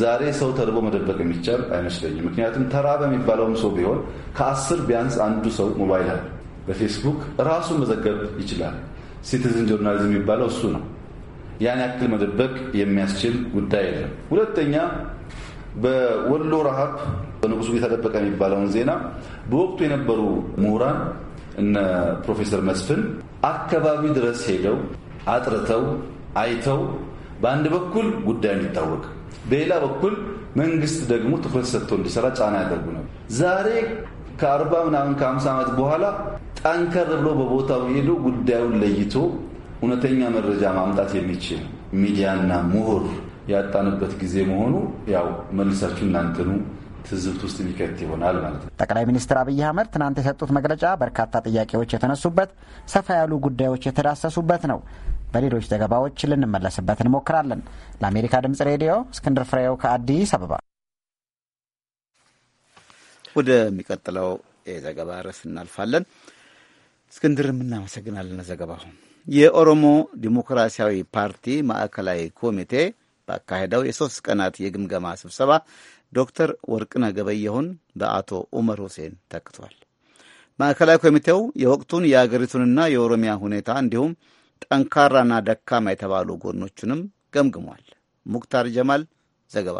S2: ዛሬ ሰው ተርቦ መደበቅ የሚቻል አይመስለኝም። ምክንያቱም ተራ በሚባለውም ሰው ቢሆን ከአስር ቢያንስ አንዱ ሰው ሞባይል አለ፣ በፌስቡክ ራሱን መዘገብ ይችላል። ሲቲዝን ጆርናሊዝም የሚባለው እሱ ነው። ያን ያክል መደበቅ የሚያስችል ጉዳይ የለም። ሁለተኛ በወሎ ረሃብ በንጉሱ የተደበቀ የሚባለውን ዜና በወቅቱ የነበሩ ምሁራን እነ ፕሮፌሰር መስፍን አካባቢ ድረስ ሄደው አጥርተው አይተው በአንድ በኩል ጉዳዩ እንዲታወቅ፣ በሌላ በኩል መንግስት ደግሞ ትኩረት ሰጥቶ እንዲሰራ ጫና ያደርጉ ነው። ዛሬ ከአርባ ምናምን ከአምሳ ዓመት በኋላ ጠንከር ብሎ በቦታው ሄዶ ጉዳዩን ለይቶ እውነተኛ መረጃ ማምጣት የሚችል ሚዲያና ምሁር ያጣንበት ጊዜ መሆኑ ያው መልሳችሁ እናንትኑ ትዝብት ውስጥ የሚከት ይሆናል ማለት ነው።
S11: ጠቅላይ ሚኒስትር አብይ አህመድ ትናንት የሰጡት መግለጫ በርካታ ጥያቄዎች የተነሱበት፣ ሰፋ ያሉ ጉዳዮች የተዳሰሱበት ነው። በሌሎች ዘገባዎች ልንመለስበት እንሞክራለን። ለአሜሪካ ድምጽ ሬዲዮ እስክንድር ፍሬው ከአዲስ አበባ።
S3: ወደሚቀጥለው የዘገባ ርዕስ እናልፋለን። እስክንድርም እናመሰግናለን ዘገባው። የኦሮሞ ዲሞክራሲያዊ ፓርቲ ማዕከላዊ ኮሚቴ ባካሄደው የሶስት ቀናት የግምገማ ስብሰባ ዶክተር ወርቅነህ ገበየሁን በአቶ ዑመር ሁሴን ተክቷል። ማዕከላዊ ኮሚቴው የወቅቱን የአገሪቱንና የኦሮሚያ ሁኔታ እንዲሁም ጠንካራና ደካማ የተባሉ ጎኖቹንም ገምግሟል። ሙክታር ጀማል ዘገባ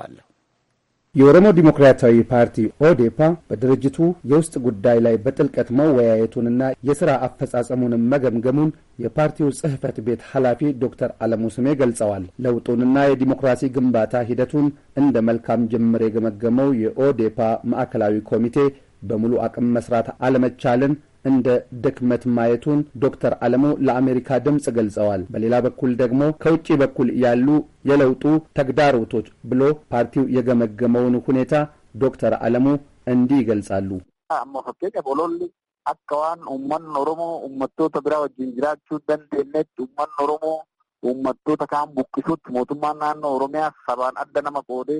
S12: የኦሮሞ ዲሞክራሲያዊ ፓርቲ ኦዴፓ በድርጅቱ የውስጥ ጉዳይ ላይ በጥልቀት መወያየቱንና የሥራ አፈጻጸሙንም መገምገሙን የፓርቲው ጽሕፈት ቤት ኃላፊ ዶክተር አለሙ ስሜ ገልጸዋል። ለውጡንና የዲሞክራሲ ግንባታ ሂደቱን እንደ መልካም ጅምር የገመገመው የኦዴፓ ማዕከላዊ ኮሚቴ በሙሉ አቅም መስራት አለመቻልን እንደ ድክመት ማየቱን ዶክተር አለሙ ለአሜሪካ ድምፅ ገልጸዋል። በሌላ በኩል ደግሞ ከውጭ በኩል ያሉ የለውጡ ተግዳሮቶች ብሎ ፓርቲው የገመገመውን ሁኔታ ዶክተር አለሙ እንዲህ ይገልጻሉ። አካዋን ኡመን ኦሮሞ ኡመቶተ ብራ ወጅን ጅራቹ ደንዴነት ኡመን ኦሮሞ ኡመቶተ
S11: ካን ቡቅሱት ሞቱማ ናኖ ኦሮሚያ ሰባን አደ ነመ ቆዴ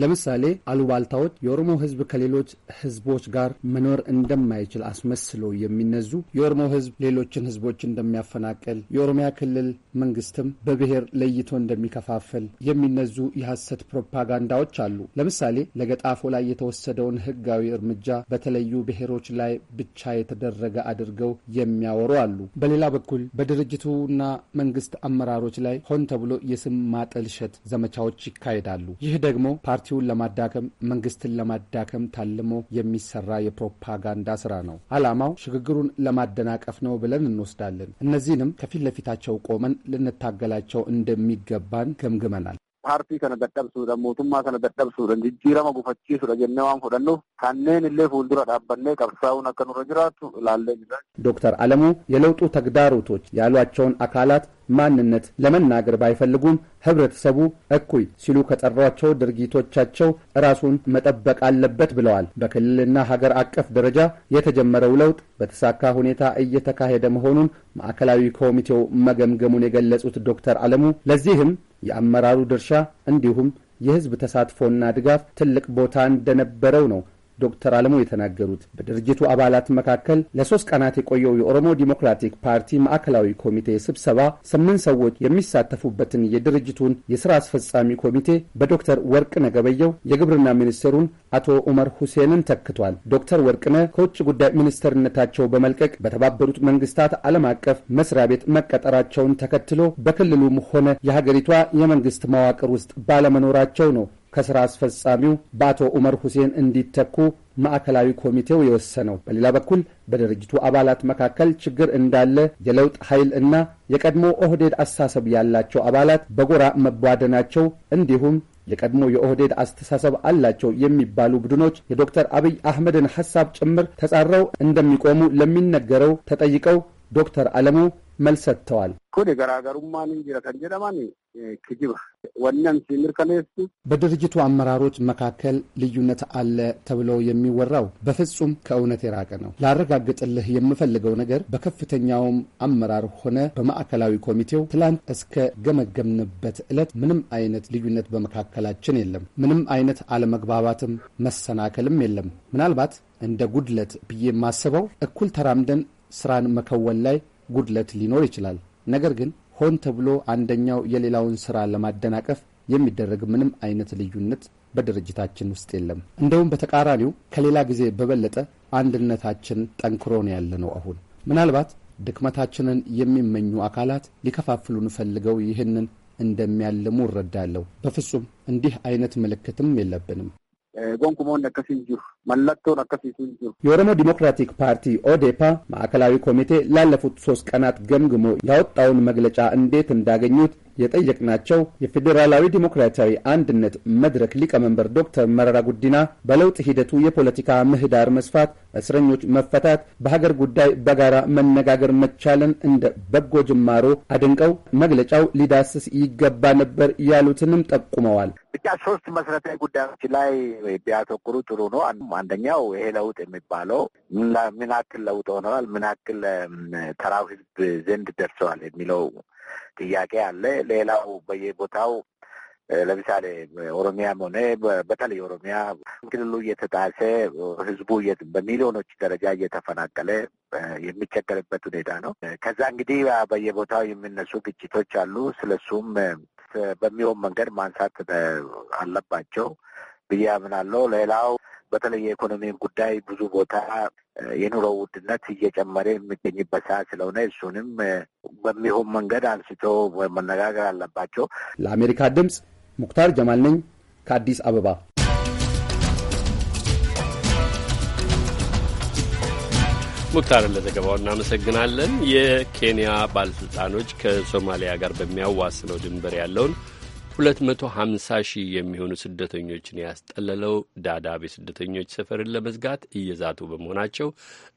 S12: ለምሳሌ አሉባልታዎች የኦሮሞ ሕዝብ ከሌሎች ሕዝቦች ጋር መኖር እንደማይችል አስመስሎ የሚነዙ የኦሮሞ ሕዝብ ሌሎችን ሕዝቦች እንደሚያፈናቅል የኦሮሚያ ክልል መንግስትም በብሔር ለይቶ እንደሚከፋፍል የሚነዙ የሐሰት ፕሮፓጋንዳዎች አሉ። ለምሳሌ ለገጣፎ ላይ የተወሰደውን ሕጋዊ እርምጃ በተለዩ ብሔሮች ላይ ብቻ የተደረገ አድርገው የሚያወሩ አሉ። በሌላ በኩል በድርጅቱና መንግስት አመራሮች ላይ ሆን ተብሎ የስም ማጠልሸት ዘመቻዎች ይካሄዳሉ። ይህ ደግሞ ፓርቲውን ለማዳከም መንግስትን ለማዳከም ታልሞ የሚሰራ የፕሮፓጋንዳ ስራ ነው። አላማው ሽግግሩን ለማደናቀፍ ነው ብለን እንወስዳለን። እነዚህንም ከፊት ለፊታቸው ቆመን ልንታገላቸው እንደሚገባን ገምግመናል። paartii kana dadhabsuudha, mootummaa kana dadhabsuudha, jijjiirama gufachiisuudha jennee waan fudhannuuf kanneen illee fuuldura
S13: dhaabbannee qabsaa'uun akka nurra jiraatu ilaallee jira.
S12: ዶክተር አለሙ የለውጡ ተግዳሮቶች ያሏቸውን አካላት ማንነት ለመናገር ባይፈልጉም ህብረተሰቡ እኩይ ሲሉ ከጠሯቸው ድርጊቶቻቸው ራሱን መጠበቅ አለበት ብለዋል። በክልልና ሀገር አቀፍ ደረጃ የተጀመረው ለውጥ በተሳካ ሁኔታ እየተካሄደ መሆኑን ማዕከላዊ ኮሚቴው መገምገሙን የገለጹት ዶክተር አለሙ ለዚህም የአመራሩ ድርሻ እንዲሁም የህዝብ ተሳትፎና ድጋፍ ትልቅ ቦታ እንደነበረው ነው ዶክተር አለሙ የተናገሩት። በድርጅቱ አባላት መካከል ለሶስት ቀናት የቆየው የኦሮሞ ዲሞክራቲክ ፓርቲ ማዕከላዊ ኮሚቴ ስብሰባ ስምንት ሰዎች የሚሳተፉበትን የድርጅቱን የስራ አስፈጻሚ ኮሚቴ በዶክተር ወርቅነህ ገበየው የግብርና ሚኒስቴሩን አቶ ኡመር ሁሴንን ተክቷል። ዶክተር ወርቅነህ ከውጭ ጉዳይ ሚኒስትርነታቸው በመልቀቅ በተባበሩት መንግስታት ዓለም አቀፍ መስሪያ ቤት መቀጠራቸውን ተከትሎ በክልሉም ሆነ የሀገሪቷ የመንግስት መዋቅር ውስጥ ባለመኖራቸው ነው ከስራ አስፈጻሚው በአቶ ዑመር ሁሴን እንዲተኩ ማዕከላዊ ኮሚቴው የወሰነው። በሌላ በኩል በድርጅቱ አባላት መካከል ችግር እንዳለ የለውጥ ኃይል እና የቀድሞ ኦህዴድ አስተሳሰብ ያላቸው አባላት በጎራ መቧደናቸው እንዲሁም የቀድሞ የኦህዴድ አስተሳሰብ አላቸው የሚባሉ ቡድኖች የዶክተር አብይ አህመድን ሐሳብ ጭምር ተጻረው እንደሚቆሙ ለሚነገረው ተጠይቀው ዶክተር አለሙ መልስ ሰጥተዋል። በድርጅቱ አመራሮች መካከል ልዩነት አለ ተብሎ የሚወራው በፍጹም ከእውነት የራቀ ነው። ላረጋግጥልህ የምፈልገው ነገር በከፍተኛውም አመራር ሆነ በማዕከላዊ ኮሚቴው ትላንት እስከ ገመገምንበት ዕለት ምንም አይነት ልዩነት በመካከላችን የለም። ምንም አይነት አለመግባባትም መሰናከልም የለም። ምናልባት እንደ ጉድለት ብዬ ማስበው እኩል ተራምደን ስራን መከወን ላይ ጉድለት ሊኖር ይችላል። ነገር ግን ሆን ተብሎ አንደኛው የሌላውን ስራ ለማደናቀፍ የሚደረግ ምንም አይነት ልዩነት በድርጅታችን ውስጥ የለም። እንደውም በተቃራኒው ከሌላ ጊዜ በበለጠ አንድነታችን ጠንክሮ ነው ያለ ነው። አሁን ምናልባት ድክመታችንን የሚመኙ አካላት ሊከፋፍሉን ፈልገው ይህንን እንደሚያልሙ እረዳለሁ። በፍጹም እንዲህ አይነት ምልክትም የለብንም። ጎንኩሞን ነከስ እንዲሁ መለቶን አከሲሱ ጅሩ የኦሮሞ ዲሞክራቲክ ፓርቲ ኦዴፓ ማዕከላዊ ኮሚቴ ላለፉት ሶስት ቀናት ገምግሞ ያወጣውን መግለጫ እንዴት እንዳገኙት የጠየቅናቸው የፌዴራላዊ ዲሞክራሲያዊ አንድነት መድረክ ሊቀመንበር ዶክተር መረራ ጉዲና በለውጥ ሂደቱ የፖለቲካ ምህዳር መስፋት፣ እስረኞች መፈታት፣ በሀገር ጉዳይ በጋራ መነጋገር መቻለን እንደ በጎ ጅማሮ አድንቀው መግለጫው ሊዳስስ ይገባ ነበር ያሉትንም ጠቁመዋል።
S11: ብቻ ሶስት መሰረታዊ ጉዳዮች ላይ ቢያተኩሩ ጥሩ ነው። አንደኛው ይሄ ለውጥ የሚባለው ምን አክል ለውጥ ሆነዋል፣ ምን አክል ተራው ህዝብ ዘንድ ደርሰዋል የሚለው ጥያቄ አለ። ሌላው በየቦታው ለምሳሌ ኦሮሚያም ሆነ በተለይ ኦሮሚያ ክልሉ እየተጣሰ ህዝቡ በሚሊዮኖች ደረጃ እየተፈናቀለ የሚቸገርበት ሁኔታ ነው። ከዛ እንግዲህ በየቦታው የሚነሱ ግጭቶች አሉ። ስለሱም በሚሆን መንገድ ማንሳት አለባቸው ብዬ አምናለሁ። ሌላው በተለይ የኢኮኖሚ ጉዳይ ብዙ ቦታ የኑሮ ውድነት እየጨመረ የሚገኝበት ሰዓት ስለሆነ እሱንም በሚሆን መንገድ አንስቶ መነጋገር አለባቸው።
S12: ለአሜሪካ ድምፅ ሙክታር ጀማል ነኝ ከአዲስ አበባ።
S1: ሙክታርን ለዘገባው እናመሰግናለን። የኬንያ ባለስልጣኖች ከሶማሊያ ጋር በሚያዋስነው ድንበር ያለውን 250 ሺህ የሚሆኑ ስደተኞችን ያስጠለለው ዳዳብ የስደተኞች ሰፈርን ለመዝጋት እየዛቱ በመሆናቸው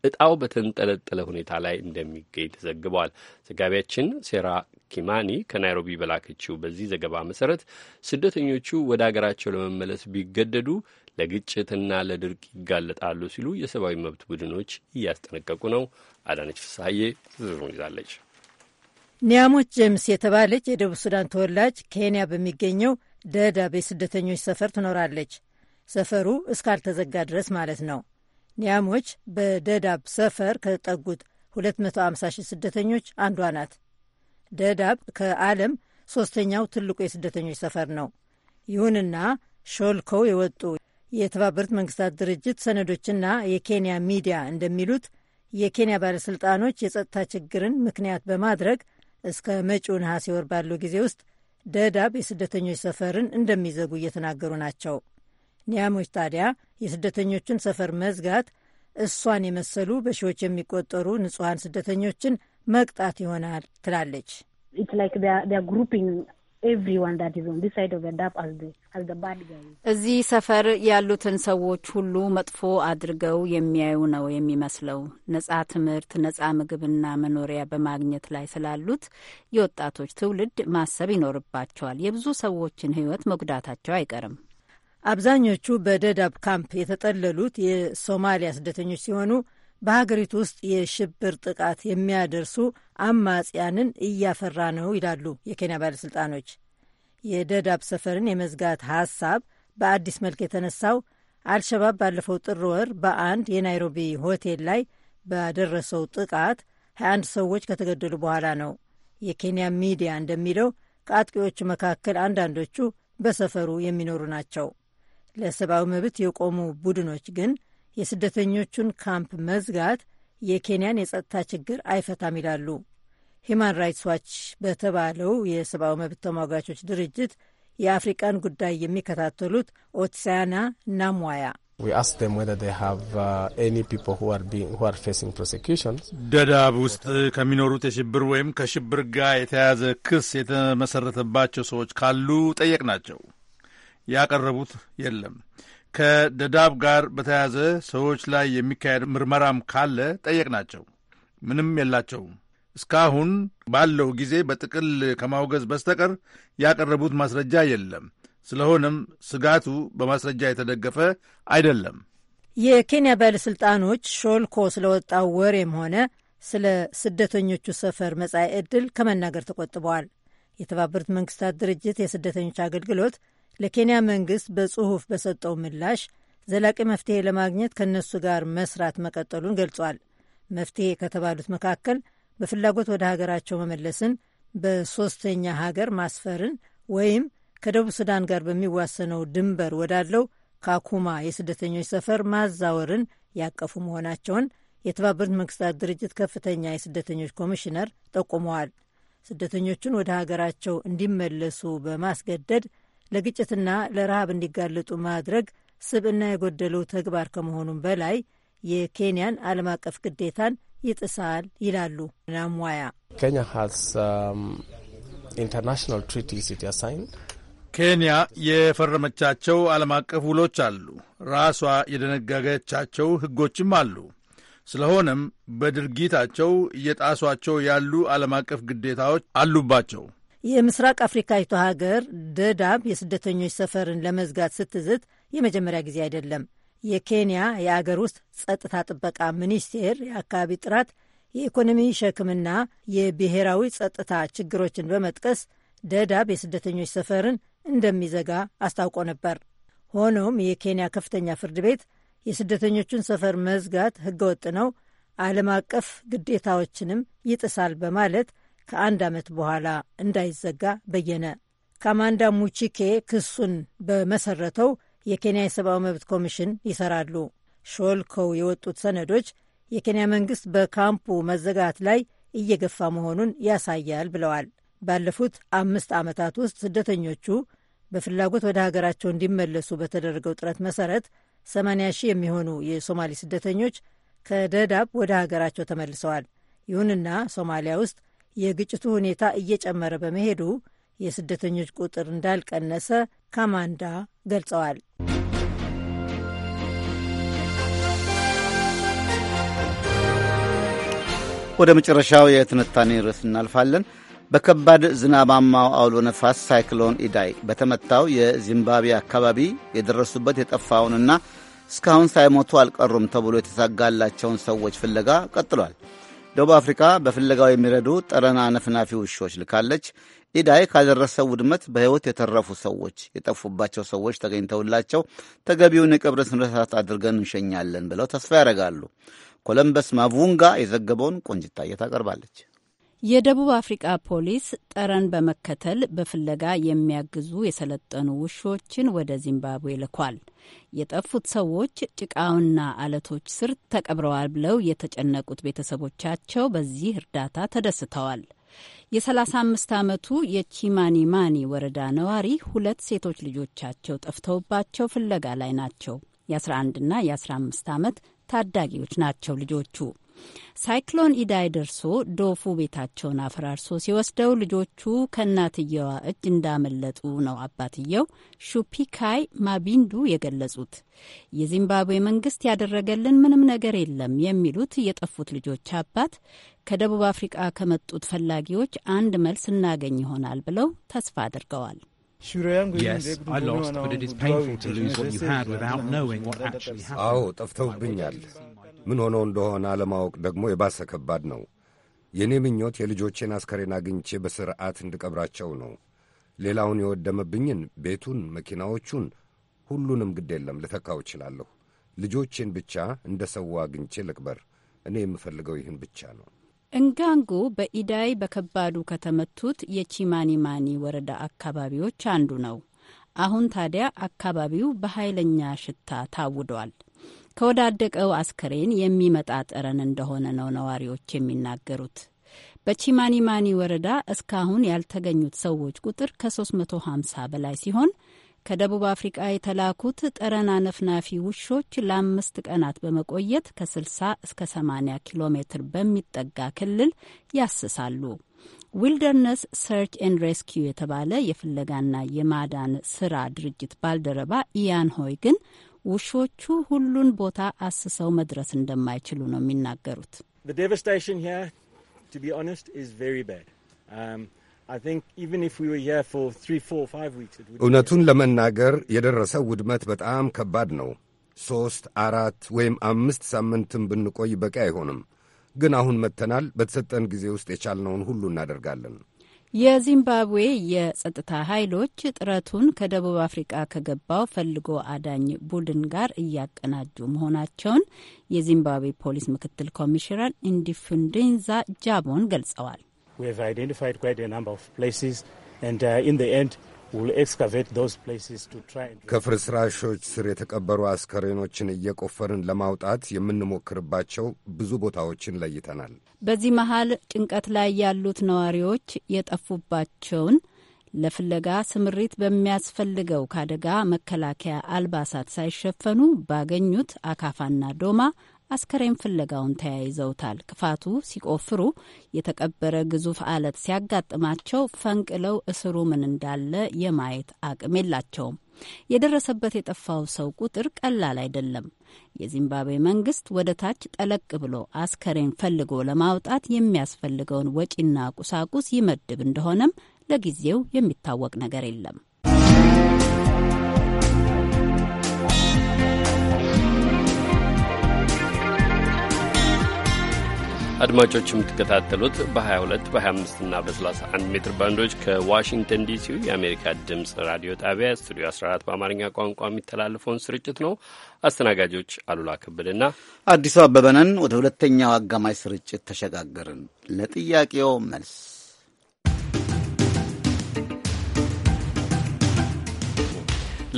S1: እጣው በተንጠለጠለ ሁኔታ ላይ እንደሚገኝ ተዘግቧል። ዘጋቢያችን ሴራ ኪማኒ ከናይሮቢ በላከችው በዚህ ዘገባ መሰረት ስደተኞቹ ወደ አገራቸው ለመመለስ ቢገደዱ ለግጭትና ለድርቅ ይጋለጣሉ ሲሉ የሰብአዊ መብት ቡድኖች እያስጠነቀቁ ነው። አዳነች ፍስሐዬ ዝርዝሩን ይዛለች።
S14: ኒያሞች ጄምስ የተባለች የደቡብ ሱዳን ተወላጅ ኬንያ በሚገኘው ደዳብ የስደተኞች ሰፈር ትኖራለች። ሰፈሩ እስካልተዘጋ ድረስ ማለት ነው። ኒያሞች በደዳብ ሰፈር ከጠጉት 250 ሺህ ስደተኞች አንዷ ናት። ደዳብ ከዓለም ሶስተኛው ትልቁ የስደተኞች ሰፈር ነው። ይሁንና ሾልከው የወጡ የተባበሩት መንግስታት ድርጅት ሰነዶችና የኬንያ ሚዲያ እንደሚሉት የኬንያ ባለሥልጣኖች የጸጥታ ችግርን ምክንያት በማድረግ እስከ መጪው ነሐሴ ወር ባለው ጊዜ ውስጥ ደዳብ የስደተኞች ሰፈርን እንደሚዘጉ እየተናገሩ ናቸው። ኒያሞች ታዲያ የስደተኞችን ሰፈር መዝጋት እሷን የመሰሉ በሺዎች የሚቆጠሩ ንጹሐን ስደተኞችን መቅጣት ይሆናል ትላለች።
S15: እዚህ ሰፈር ያሉትን ሰዎች ሁሉ መጥፎ አድርገው የሚያዩ ነው የሚመስለው። ነጻ ትምህርት፣ ነጻ ምግብና መኖሪያ በማግኘት ላይ ስላሉት የወጣቶች ትውልድ ማሰብ ይኖርባቸዋል። የብዙ ሰዎችን ሕይወት መጉዳታቸው
S14: አይቀርም። አብዛኞቹ በደዳብ ካምፕ የተጠለሉት የሶማሊያ ስደተኞች ሲሆኑ በሀገሪቱ ውስጥ የሽብር ጥቃት የሚያደርሱ አማጽያንን እያፈራ ነው ይላሉ የኬንያ ባለሥልጣኖች። የደዳብ ሰፈርን የመዝጋት ሐሳብ በአዲስ መልክ የተነሳው አልሸባብ ባለፈው ጥር ወር በአንድ የናይሮቢ ሆቴል ላይ ባደረሰው ጥቃት 21 ሰዎች ከተገደሉ በኋላ ነው። የኬንያ ሚዲያ እንደሚለው ከአጥቂዎቹ መካከል አንዳንዶቹ በሰፈሩ የሚኖሩ ናቸው። ለሰብአዊ መብት የቆሙ ቡድኖች ግን የስደተኞቹን ካምፕ መዝጋት የኬንያን የጸጥታ ችግር አይፈታም ይላሉ። ሂማን ራይትስ ዋች በተባለው የሰብአዊ መብት ተሟጋቾች ድርጅት የአፍሪቃን ጉዳይ የሚከታተሉት ኦትሳያና ናሙዋያ uh,
S6: ደዳብ ውስጥ ከሚኖሩት የሽብር ወይም ከሽብር ጋር የተያያዘ ክስ የተመሰረተባቸው ሰዎች ካሉ ጠየቅናቸው። ያቀረቡት የለም። ከደዳብ ጋር በተያያዘ ሰዎች ላይ የሚካሄድ ምርመራም ካለ ጠየቅናቸው። ምንም የላቸውም። እስካሁን ባለው ጊዜ በጥቅል ከማውገዝ በስተቀር ያቀረቡት ማስረጃ የለም። ስለሆነም ስጋቱ በማስረጃ የተደገፈ አይደለም።
S14: የኬንያ ባለሥልጣኖች ሾልኮ ስለወጣው ወሬም ሆነ ስለ ስደተኞቹ ሰፈር መጻኢ ዕድል ከመናገር ተቆጥበዋል። የተባበሩት መንግስታት ድርጅት የስደተኞች አገልግሎት ለኬንያ መንግስት በጽሑፍ በሰጠው ምላሽ ዘላቂ መፍትሄ ለማግኘት ከእነሱ ጋር መስራት መቀጠሉን ገልጿል። መፍትሄ ከተባሉት መካከል በፍላጎት ወደ ሀገራቸው መመለስን፣ በሶስተኛ ሀገር ማስፈርን ወይም ከደቡብ ሱዳን ጋር በሚዋሰነው ድንበር ወዳለው ካኩማ የስደተኞች ሰፈር ማዛወርን ያቀፉ መሆናቸውን የተባበሩት መንግስታት ድርጅት ከፍተኛ የስደተኞች ኮሚሽነር ጠቁመዋል። ስደተኞቹን ወደ ሀገራቸው እንዲመለሱ በማስገደድ ለግጭትና ለረሃብ እንዲጋለጡ ማድረግ ስብዕና የጎደለው ተግባር ከመሆኑም በላይ የኬንያን ዓለም አቀፍ ግዴታን ይጥሳል ይላሉ ናሙዋያ።
S6: um, ኬንያ የፈረመቻቸው ዓለም አቀፍ ውሎች አሉ፣ ራሷ የደነጋገቻቸው ሕጎችም አሉ። ስለሆነም በድርጊታቸው እየጣሷቸው ያሉ ዓለም አቀፍ ግዴታዎች አሉባቸው።
S14: የምስራቅ አፍሪካዊቷ ሀገር ደዳብ የስደተኞች ሰፈርን ለመዝጋት ስትዝት የመጀመሪያ ጊዜ አይደለም። የኬንያ የአገር ውስጥ ጸጥታ ጥበቃ ሚኒስቴር የአካባቢ ጥራት፣ የኢኮኖሚ ሸክምና የብሔራዊ ጸጥታ ችግሮችን በመጥቀስ ደዳብ የስደተኞች ሰፈርን እንደሚዘጋ አስታውቆ ነበር። ሆኖም የኬንያ ከፍተኛ ፍርድ ቤት የስደተኞቹን ሰፈር መዝጋት ሕገወጥ ነው፣ ዓለም አቀፍ ግዴታዎችንም ይጥሳል በማለት ከአንድ ዓመት በኋላ እንዳይዘጋ በየነ። ካማንዳ ሙቺኬ ክሱን በመሰረተው የኬንያ የሰብአዊ መብት ኮሚሽን ይሰራሉ። ሾልከው የወጡት ሰነዶች የኬንያ መንግስት በካምፑ መዘጋት ላይ እየገፋ መሆኑን ያሳያል ብለዋል። ባለፉት አምስት ዓመታት ውስጥ ስደተኞቹ በፍላጎት ወደ ሀገራቸው እንዲመለሱ በተደረገው ጥረት መሰረት 80 ሺህ የሚሆኑ የሶማሌ ስደተኞች ከደዳብ ወደ ሀገራቸው ተመልሰዋል። ይሁንና ሶማሊያ ውስጥ የግጭቱ ሁኔታ እየጨመረ በመሄዱ የስደተኞች ቁጥር እንዳልቀነሰ ካማንዳ ገልጸዋል።
S3: ወደ መጨረሻው የትንታኔ ርዕስ እናልፋለን። በከባድ ዝናባማው አውሎ ነፋስ ሳይክሎን ኢዳይ በተመታው የዚምባብዌ አካባቢ የደረሱበት የጠፋውንና እስካሁን ሳይሞቱ አልቀሩም ተብሎ የተሳጋላቸውን ሰዎች ፍለጋ ቀጥሏል። ደቡብ አፍሪካ በፍለጋው የሚረዱ ጠረና ነፍናፊ ውሾች ልካለች። ኢዳይ ካደረሰው ውድመት በሕይወት የተረፉ ሰዎች የጠፉባቸው ሰዎች ተገኝተውላቸው ተገቢውን የቀብር ስነስርዓት አድርገን እንሸኛለን ብለው ተስፋ ያደርጋሉ። ኮለምበስ ማቡንጋ የዘገበውን ቆንጅታየ ታቀርባለች።
S15: የደቡብ አፍሪቃ ፖሊስ ጠረን በመከተል በፍለጋ የሚያግዙ የሰለጠኑ ውሾችን ወደ ዚምባብዌ ልኳል። የጠፉት ሰዎች ጭቃውና አለቶች ስር ተቀብረዋል ብለው የተጨነቁት ቤተሰቦቻቸው በዚህ እርዳታ ተደስተዋል። የ35 ዓመቱ ማኒ ወረዳ ነዋሪ ሁለት ሴቶች ልጆቻቸው ጠፍተውባቸው ፍለጋ ላይ ናቸው። የ11ና የ15 ዓመት ታዳጊዎች ናቸው ልጆቹ። ሳይክሎን ኢዳይ ደርሶ ዶፉ ቤታቸውን አፈራርሶ ሲወስደው ልጆቹ ከእናትየዋ እጅ እንዳመለጡ ነው አባትየው ሹፒካይ ማቢንዱ የገለጹት። የዚምባብዌ መንግስት ያደረገልን ምንም ነገር የለም የሚሉት የጠፉት ልጆች አባት ከደቡብ አፍሪቃ ከመጡት ፈላጊዎች አንድ መልስ እናገኝ ይሆናል ብለው ተስፋ አድርገዋል።
S5: አዎ ጠፍተውብኛል። ምን ሆነው እንደሆነ አለማወቅ ደግሞ የባሰ ከባድ ነው። የእኔ ምኞት የልጆቼን አስከሬን አግኝቼ በሥርዓት እንድቀብራቸው ነው። ሌላውን የወደመብኝን ቤቱን፣ መኪናዎቹን፣ ሁሉንም ግድ የለም ልተካው እችላለሁ። ልጆቼን ብቻ እንደ ሰው አግኝቼ ልቅበር። እኔ የምፈልገው ይህን ብቻ ነው።
S15: እንጋንጉ በኢዳይ በከባዱ ከተመቱት የቺማኒማኒ ወረዳ አካባቢዎች አንዱ ነው። አሁን ታዲያ አካባቢው በኃይለኛ ሽታ ታውዷል። ከወዳደቀው አስከሬን የሚመጣ ጠረን እንደሆነ ነው ነዋሪዎች የሚናገሩት። በቺማኒማኒ ወረዳ እስካሁን ያልተገኙት ሰዎች ቁጥር ከ350 በላይ ሲሆን ከደቡብ አፍሪቃ የተላኩት ጠረና ነፍናፊ ውሾች ለአምስት ቀናት በመቆየት ከ60 እስከ 80 ኪሎ ሜትር በሚጠጋ ክልል ያስሳሉ። ዊልደርነስ ሰርች ን ሬስኪው የተባለ የፍለጋና የማዳን ስራ ድርጅት ባልደረባ ኢያን ሆይ ግን ውሾቹ ሁሉን ቦታ አስሰው መድረስ እንደማይችሉ ነው የሚናገሩት።
S7: um, እውነቱን
S5: ለመናገር የደረሰው ውድመት በጣም ከባድ ነው። ሦስት አራት ወይም አምስት ሳምንትም ብንቆይ በቂ አይሆንም። ግን አሁን መጥተናል። በተሰጠን ጊዜ ውስጥ የቻልነውን ሁሉ እናደርጋለን።
S15: የዚምባብዌ የጸጥታ ኃይሎች ጥረቱን ከደቡብ አፍሪቃ ከገባው ፈልጎ አዳኝ ቡድን ጋር እያቀናጁ መሆናቸውን የዚምባብዌ ፖሊስ ምክትል ኮሚሽነር ኢንዲፉንዲንዛ ጃቦን ገልጸዋል።
S5: ከፍርስራሾች ስር የተቀበሩ አስከሬኖችን እየቆፈርን ለማውጣት የምንሞክርባቸው ብዙ ቦታዎችን ለይተናል።
S15: በዚህ መሀል ጭንቀት ላይ ያሉት ነዋሪዎች የጠፉባቸውን ለፍለጋ ስምሪት በሚያስፈልገው ከአደጋ መከላከያ አልባሳት ሳይሸፈኑ ባገኙት አካፋና ዶማ አስከሬን ፍለጋውን ተያይዘውታል። ቅፋቱ ሲቆፍሩ የተቀበረ ግዙፍ አለት ሲያጋጥማቸው ፈንቅለው እስሩ ምን እንዳለ የማየት አቅም የላቸውም። የደረሰበት የጠፋው ሰው ቁጥር ቀላል አይደለም። የዚምባብዌ መንግስት ወደ ታች ጠለቅ ብሎ አስከሬን ፈልጎ ለማውጣት የሚያስፈልገውን ወጪና ቁሳቁስ ይመድብ እንደሆነም ለጊዜው የሚታወቅ ነገር የለም።
S1: አድማጮች የምትከታተሉት በ22 በ25 እና በ31 ሜትር ባንዶች ከዋሽንግተን ዲሲው የአሜሪካ ድምፅ ራዲዮ ጣቢያ ስቱዲዮ 14 በአማርኛ ቋንቋ የሚተላለፈውን ስርጭት ነው። አስተናጋጆች አሉላ ከበደና
S3: አዲሱ አበበ ነን። ወደ ሁለተኛው አጋማሽ ስርጭት ተሸጋገርን።
S1: ለጥያቄው መልስ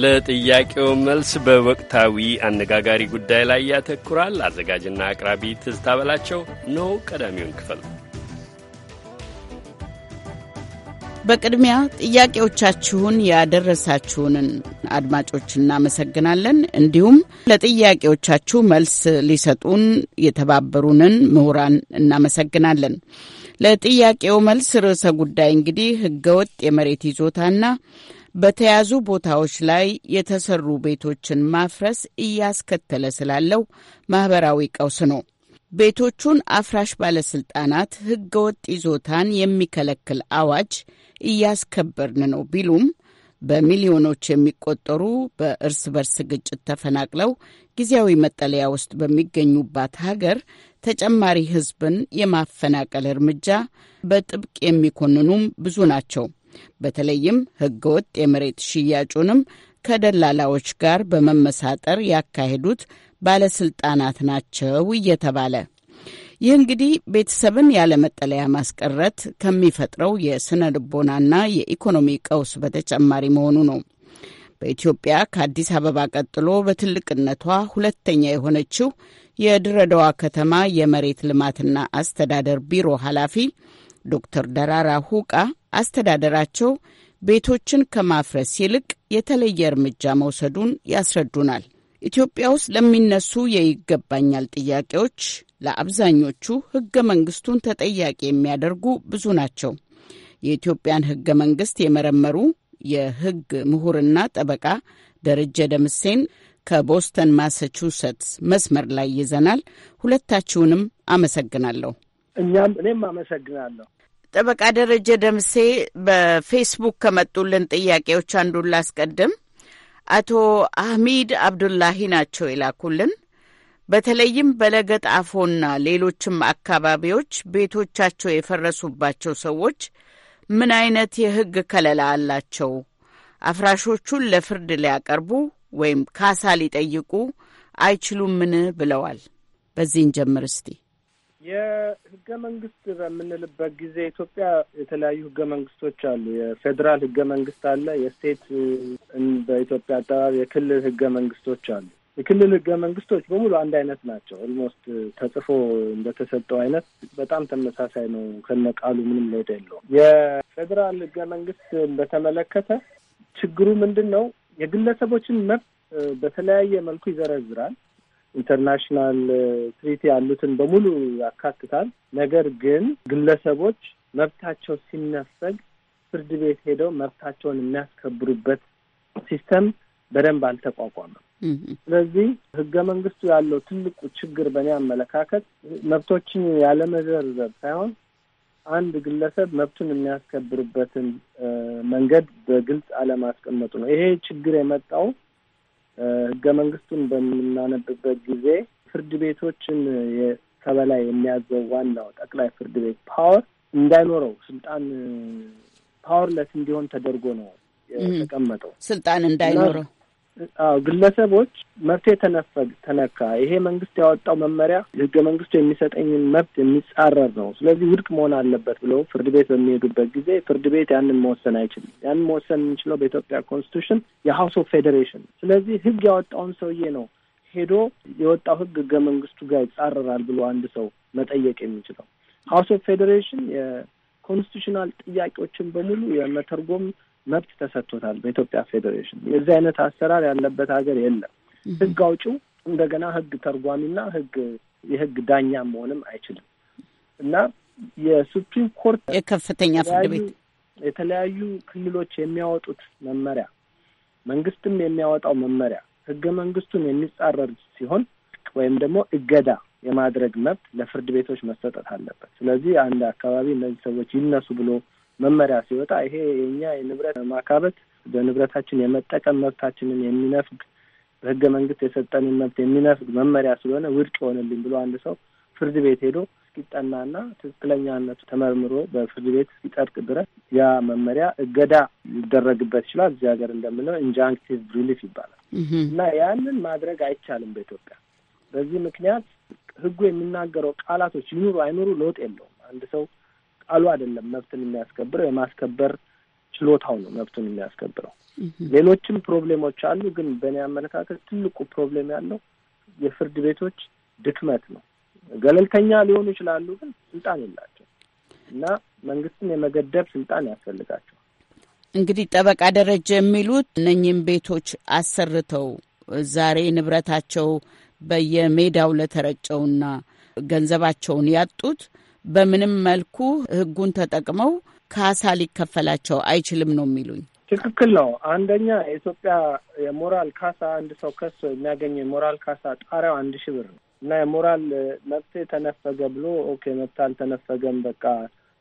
S1: ለጥያቄው መልስ በወቅታዊ አነጋጋሪ ጉዳይ ላይ ያተኩራል። አዘጋጅና አቅራቢ ትዝታ በላቸው ነው። ቀዳሚውን ክፍል
S16: በቅድሚያ ጥያቄዎቻችሁን ያደረሳችሁንን አድማጮች እናመሰግናለን። እንዲሁም ለጥያቄዎቻችሁ መልስ ሊሰጡን የተባበሩንን ምሁራን እናመሰግናለን። ለጥያቄው መልስ ርዕሰ ጉዳይ እንግዲህ ህገወጥ የመሬት ይዞታና በተያዙ ቦታዎች ላይ የተሰሩ ቤቶችን ማፍረስ እያስከተለ ስላለው ማኅበራዊ ቀውስ ነው። ቤቶቹን አፍራሽ ባለሥልጣናት ሕገወጥ ይዞታን የሚከለክል አዋጅ እያስከበርን ነው ቢሉም በሚሊዮኖች የሚቆጠሩ በእርስ በርስ ግጭት ተፈናቅለው ጊዜያዊ መጠለያ ውስጥ በሚገኙባት ሀገር ተጨማሪ ህዝብን የማፈናቀል እርምጃ በጥብቅ የሚኮንኑም ብዙ ናቸው። በተለይም ህገወጥ የመሬት ሽያጩንም ከደላላዎች ጋር በመመሳጠር ያካሄዱት ባለስልጣናት ናቸው እየተባለ ይህ እንግዲህ ቤተሰብን ያለመጠለያ ማስቀረት ከሚፈጥረው የስነ ልቦናና የኢኮኖሚ ቀውስ በተጨማሪ መሆኑ ነው። በኢትዮጵያ ከአዲስ አበባ ቀጥሎ በትልቅነቷ ሁለተኛ የሆነችው የድረዳዋ ከተማ የመሬት ልማትና አስተዳደር ቢሮ ኃላፊ ዶክተር ደራራ ሁቃ አስተዳደራቸው ቤቶችን ከማፍረስ ይልቅ የተለየ እርምጃ መውሰዱን ያስረዱናል። ኢትዮጵያ ውስጥ ለሚነሱ የይገባኛል ጥያቄዎች ለአብዛኞቹ ህገ መንግስቱን ተጠያቂ የሚያደርጉ ብዙ ናቸው። የኢትዮጵያን ህገ መንግስት የመረመሩ የህግ ምሁርና ጠበቃ ደረጀ ደምሴን ከቦስተን ማሳቹሴትስ መስመር ላይ ይዘናል። ሁለታችሁንም አመሰግናለሁ። እኛም እኔም አመሰግናለሁ። ጠበቃ ደረጀ ደምሴ በፌስቡክ ከመጡልን ጥያቄዎች አንዱን ላስቀድም። አቶ አህሚድ አብዱላሂ ናቸው የላኩልን። በተለይም በለገጣፎና ሌሎችም አካባቢዎች ቤቶቻቸው የፈረሱባቸው ሰዎች ምን አይነት የሕግ ከለላ አላቸው? አፍራሾቹን ለፍርድ ሊያቀርቡ ወይም ካሳ ሊጠይቁ አይችሉምን? ብለዋል። በዚህን ጀምር እስቲ።
S7: የህገ መንግስት በምንልበት ጊዜ ኢትዮጵያ የተለያዩ ህገ መንግስቶች አሉ። የፌዴራል ህገ መንግስት አለ። የስቴት በኢትዮጵያ አጠራር የክልል ህገ መንግስቶች አሉ። የክልል ህገ መንግስቶች በሙሉ አንድ አይነት ናቸው። ኦልሞስት ተጽፎ እንደተሰጠው አይነት በጣም ተመሳሳይ ነው። ከነቃሉ ምንም ለውጥ የለውም። የፌዴራል ህገ መንግስት በተመለከተ ችግሩ ምንድን ነው? የግለሰቦችን መብት በተለያየ መልኩ ይዘረዝራል። ኢንተርናሽናል ትሪቲ ያሉትን በሙሉ ያካትታል። ነገር ግን ግለሰቦች መብታቸው ሲነፈግ ፍርድ ቤት ሄደው መብታቸውን የሚያስከብሩበት ሲስተም በደንብ አልተቋቋመም። ስለዚህ ህገ መንግስቱ ያለው ትልቁ ችግር በእኔ አመለካከት መብቶችን ያለመዘርዘር ሳይሆን አንድ ግለሰብ መብቱን የሚያስከብርበትን መንገድ በግልጽ አለማስቀመጡ ነው። ይሄ ችግር የመጣው ህገ መንግስቱን በምናነብበት ጊዜ ፍርድ ቤቶችን ከበላይ የሚያዘው ዋናው ጠቅላይ ፍርድ ቤት ፓወር እንዳይኖረው ስልጣን ፓወርለስ እንዲሆን ተደርጎ ነው
S16: የተቀመጠው። ስልጣን እንዳይኖረው
S7: ግለሰቦች መብት የተነፈግ ተነካ። ይሄ መንግስት ያወጣው መመሪያ ህገ መንግስቱ የሚሰጠኝን መብት የሚጻረር ነው፣ ስለዚህ ውድቅ መሆን አለበት ብለው ፍርድ ቤት በሚሄዱበት ጊዜ ፍርድ ቤት ያንን መወሰን አይችልም። ያንን መወሰን የምንችለው በኢትዮጵያ ኮንስቲቱሽን የሀውስ ኦፍ ፌዴሬሽን። ስለዚህ ህግ ያወጣውን ሰውዬ ነው ሄዶ የወጣው ህግ ህገ መንግስቱ ጋር ይጻረራል ብሎ አንድ ሰው መጠየቅ የሚችለው ሀውስ ኦፍ ፌዴሬሽን የኮንስቲቱሽናል ጥያቄዎችን በሙሉ የመተርጎም መብት ተሰጥቶታል በኢትዮጵያ ፌዴሬሽን። የዚህ አይነት አሰራር ያለበት ሀገር የለም። ህግ አውጪው እንደገና ህግ ተርጓሚና ህግ የህግ ዳኛ መሆንም አይችልም እና የሱፕሪም
S16: ኮርት የከፍተኛ ፍርድ ቤት
S7: የተለያዩ ክልሎች የሚያወጡት መመሪያ መንግስትም የሚያወጣው መመሪያ ህገ መንግስቱን የሚጻረር ሲሆን ወይም ደግሞ እገዳ የማድረግ መብት ለፍርድ ቤቶች መሰጠት አለበት። ስለዚህ አንድ አካባቢ እነዚህ ሰዎች ይነሱ ብሎ መመሪያ ሲወጣ ይሄ የእኛ የንብረት ማካበት በንብረታችን የመጠቀም መብታችንን የሚነፍግ በህገ መንግስት የሰጠንን መብት የሚነፍግ መመሪያ ስለሆነ ውድቅ ይሆንልኝ ብሎ አንድ ሰው ፍርድ ቤት ሄዶ እስኪጠናና ትክክለኛነቱ ተመርምሮ በፍርድ ቤት እስኪጸድቅ ድረስ ያ መመሪያ እገዳ ሊደረግበት ይችላል። እዚህ ሀገር እንደምንለው ኢንጃንክቲቭ ሪሊፍ ይባላል እና ያንን ማድረግ አይቻልም በኢትዮጵያ። በዚህ ምክንያት ህጉ የሚናገረው ቃላቶች ይኑሩ አይኑሩ ለውጥ የለውም። አንድ ሰው ቃሉ አይደለም መብትን የሚያስከብረው የማስከበር ችሎታው ነው መብቱን የሚያስከብረው። ሌሎችም ፕሮብሌሞች አሉ፣ ግን በእኔ አመለካከት ትልቁ ፕሮብሌም ያለው የፍርድ ቤቶች ድክመት ነው። ገለልተኛ ሊሆኑ ይችላሉ፣ ግን ስልጣን የላቸው እና መንግስትን የመገደብ ስልጣን ያስፈልጋቸዋል።
S16: እንግዲህ ጠበቃ ደረጀ የሚሉት እነኚህም ቤቶች አሰርተው ዛሬ ንብረታቸው በየሜዳው ለተረጨውና ገንዘባቸውን ያጡት በምንም መልኩ ህጉን ተጠቅመው ካሳ ሊከፈላቸው አይችልም ነው የሚሉኝ። ትክክል ነው።
S7: አንደኛ የኢትዮጵያ የሞራል ካሳ አንድ ሰው ከሶ የሚያገኘው የሞራል ካሳ ጣሪያው አንድ ሺህ ብር ነው እና የሞራል መብት ተነፈገ ብሎ ኦኬ መብት አልተነፈገም በቃ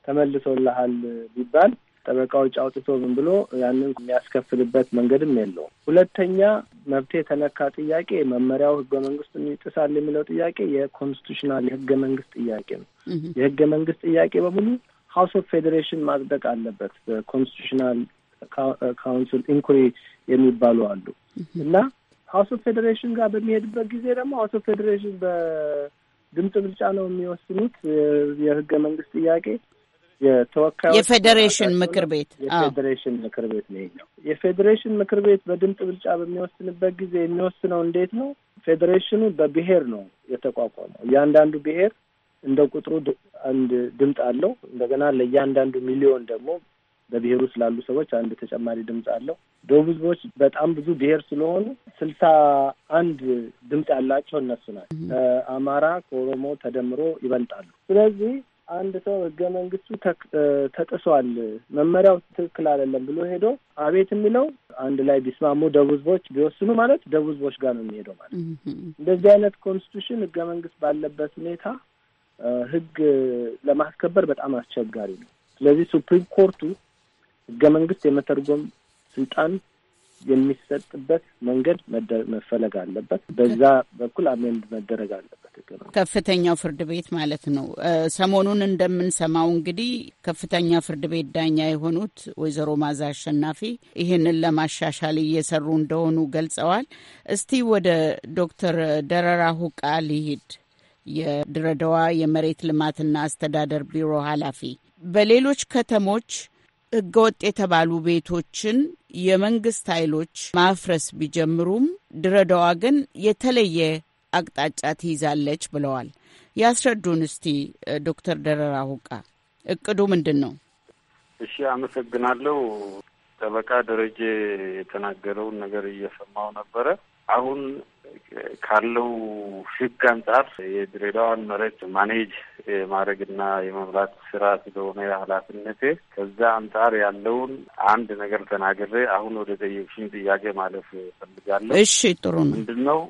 S7: ተመልሶልሃል ቢባል ጠበቃዎች አውጥቶ ምን ብሎ ያንን የሚያስከፍልበት መንገድም የለውም። ሁለተኛ መብቴ የተነካ ጥያቄ መመሪያው ህገ መንግስት ይጥሳል የሚለው ጥያቄ የኮንስቲቱሽናል የህገ መንግስት ጥያቄ ነው። የህገ መንግስት ጥያቄ በሙሉ ሀውስ ኦፍ ፌዴሬሽን ማጽደቅ አለበት። በኮንስቲቱሽናል ካውንስል ኢንኩሪ የሚባሉ አሉ እና ሀውስ ኦፍ ፌዴሬሽን ጋር በሚሄድበት ጊዜ ደግሞ ሀውስ ኦፍ ፌዴሬሽን በድምፅ ብልጫ ነው የሚወስኑት የህገ መንግስት ጥያቄ የተወካዮች የፌዴሬሽን ምክር ቤት የፌዴሬሽን ምክር ቤት ነው ይኛው የፌዴሬሽን ምክር ቤት በድምፅ ብልጫ በሚወስንበት ጊዜ የሚወስነው እንዴት ነው? ፌዴሬሽኑ በብሔር ነው የተቋቋመው። እያንዳንዱ ብሔር እንደ ቁጥሩ አንድ ድምፅ አለው። እንደገና ለእያንዳንዱ ሚሊዮን ደግሞ በብሔሩ ስላሉ ሰዎች አንድ ተጨማሪ ድምፅ አለው። ደቡብ ህዝቦች በጣም ብዙ ብሔር ስለሆኑ ስልሳ አንድ ድምፅ ያላቸው እነሱ ናቸው። ከአማራ ከኦሮሞ ተደምሮ ይበልጣሉ። ስለዚህ አንድ ሰው ህገ መንግስቱ ተጥሷል፣ መመሪያው ትክክል አይደለም ብሎ ሄዶ አቤት የሚለው አንድ ላይ ቢስማሙ ደቡብ ህዝቦች ቢወስኑ ማለት ደቡብ ህዝቦች ጋር ነው የሚሄደው ማለት እንደዚህ አይነት ኮንስቲቱሽን ህገ መንግስት ባለበት ሁኔታ ህግ ለማስከበር በጣም አስቸጋሪ ነው። ስለዚህ ሱፕሪም ኮርቱ ህገ መንግስት የመተርጎም ስልጣን የሚሰጥበት መንገድ መፈለግ አለበት። በዛ በኩል አሜንድ መደረግ አለበት።
S16: ከፍተኛው ፍርድ ቤት ማለት ነው። ሰሞኑን እንደምንሰማው እንግዲህ ከፍተኛ ፍርድ ቤት ዳኛ የሆኑት ወይዘሮ ማዛ አሸናፊ ይህንን ለማሻሻል እየሰሩ እንደሆኑ ገልጸዋል። እስቲ ወደ ዶክተር ደረራ ሁቃ ሊሂድ የድሬዳዋ የመሬት ልማትና አስተዳደር ቢሮ ኃላፊ በሌሎች ከተሞች ህገወጥ የተባሉ ቤቶችን የመንግስት ኃይሎች ማፍረስ ቢጀምሩም ድሬዳዋ ግን የተለየ አቅጣጫ ትይዛለች ብለዋል። ያስረዱን እስቲ ዶክተር ደረራ ሁቃ እቅዱ ምንድን ነው? እሺ፣
S13: አመሰግናለሁ። ጠበቃ ደረጀ የተናገረውን ነገር እየሰማው ነበረ። አሁን ካለው ህግ አንጻር የድሬዳዋን መሬት ማኔጅ የማድረግና የመምራት ስራ ስለሆነ ኃላፊነቴ ከዛ አንጻር ያለውን አንድ ነገር ተናግሬ አሁን ወደ ጠየቅሽኝ ጥያቄ ማለፍ ፈልጋለሁ። እሺ፣ ጥሩ ነው። ምንድን ነው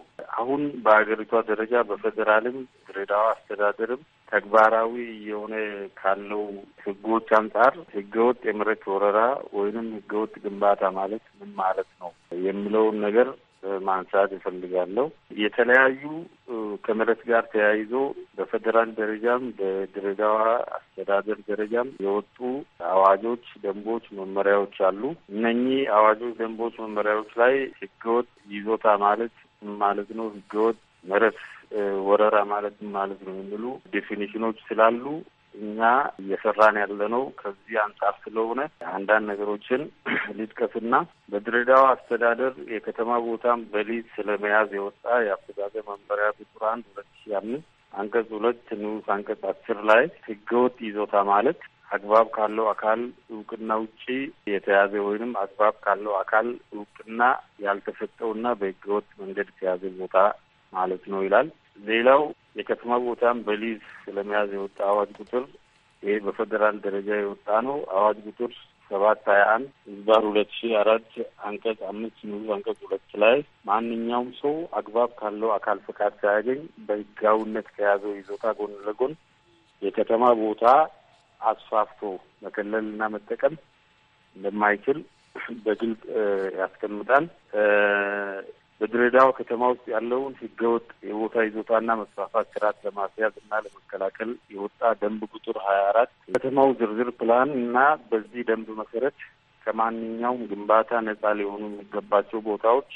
S13: አሁን በሀገሪቷ ደረጃ በፌዴራልም ድሬዳዋ አስተዳደርም ተግባራዊ የሆነ ካለው ህጎች አንጻር ህገወጥ የመሬት ወረራ ወይንም ህገወጥ ግንባታ ማለት ምን ማለት ነው የሚለውን ነገር ማንሳት እፈልጋለሁ። የተለያዩ ከመሬት ጋር ተያይዞ በፌዴራል ደረጃም በድሬዳዋ አስተዳደር ደረጃም የወጡ አዋጆች፣ ደንቦች፣ መመሪያዎች አሉ። እነኚህ አዋጆች፣ ደንቦች፣ መመሪያዎች ላይ ህገወጥ ይዞታ ማለት ማለት ነው ህገወጥ መሬት ወረራ ማለት ማለት ነው የሚሉ ዴፊኒሽኖች ስላሉ እኛ እየሰራን ያለነው ከዚህ አንጻር ስለሆነ አንዳንድ ነገሮችን [clears throat] ልጥቀስና በድሬዳዋ አስተዳደር የከተማ ቦታም በሊዝ ስለመያዝ የወጣ የአስተዳደር መመሪያ ቁጥር አንድ ሁለት ሺ አምስት አንቀጽ ሁለት ንዑስ አንቀጽ አስር ላይ ህገወጥ ይዞታ ማለት አግባብ ካለው አካል እውቅና ውጪ የተያዘ ወይንም አግባብ ካለው አካል እውቅና ያልተሰጠውና በህገወጥ መንገድ የተያዘ ቦታ ማለት ነው ይላል። ሌላው የከተማ ቦታም በሊዝ ስለመያዝ የወጣ አዋጅ ቁጥር ይህ በፌዴራል ደረጃ የወጣ ነው። አዋጅ ቁጥር ሰባት ሀያ አንድ ህዝባር ሁለት ሺ አራት አንቀጽ አምስት ንዑስ አንቀጽ ሁለት ላይ ማንኛውም ሰው አግባብ ካለው አካል ፍቃድ ሳያገኝ በህጋዊነት ከያዘው ይዞታ ጎን ለጎን የከተማ ቦታ አስፋፍቶ መከለልና መጠቀም እንደማይችል በግልጽ ያስቀምጣል። በድሬዳዋ ከተማ ውስጥ ያለውን ህገወጥ የቦታ ይዞታና መስፋፋት ስርዓት ለማስያዝ እና ለመከላከል የወጣ ደንብ ቁጥር ሀያ አራት ከተማው ዝርዝር ፕላን እና በዚህ ደንብ መሰረት ከማንኛውም ግንባታ ነጻ ሊሆኑ የሚገባቸው ቦታዎች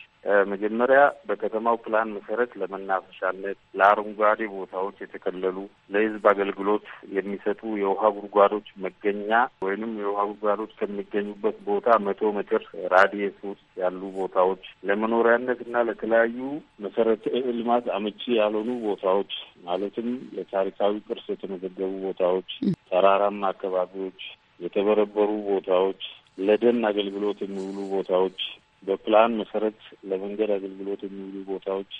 S13: መጀመሪያ በከተማው ፕላን መሰረት ለመናፈሻነት፣ ለአረንጓዴ ቦታዎች የተከለሉ ለህዝብ አገልግሎት የሚሰጡ የውሃ ጉድጓዶች መገኛ ወይንም የውሃ ጉድጓዶች ከሚገኙበት ቦታ መቶ ሜትር ራዲየስ ውስጥ ያሉ ቦታዎች ለመኖሪያነት እና ለተለያዩ መሰረተ ልማት አመቺ ያልሆኑ ቦታዎች ማለትም ለታሪካዊ ቅርስ የተመዘገቡ ቦታዎች፣ ተራራማ አካባቢዎች፣ የተበረበሩ ቦታዎች፣ ለደን አገልግሎት የሚውሉ ቦታዎች በፕላን መሰረት ለመንገድ አገልግሎት የሚውሉ ቦታዎች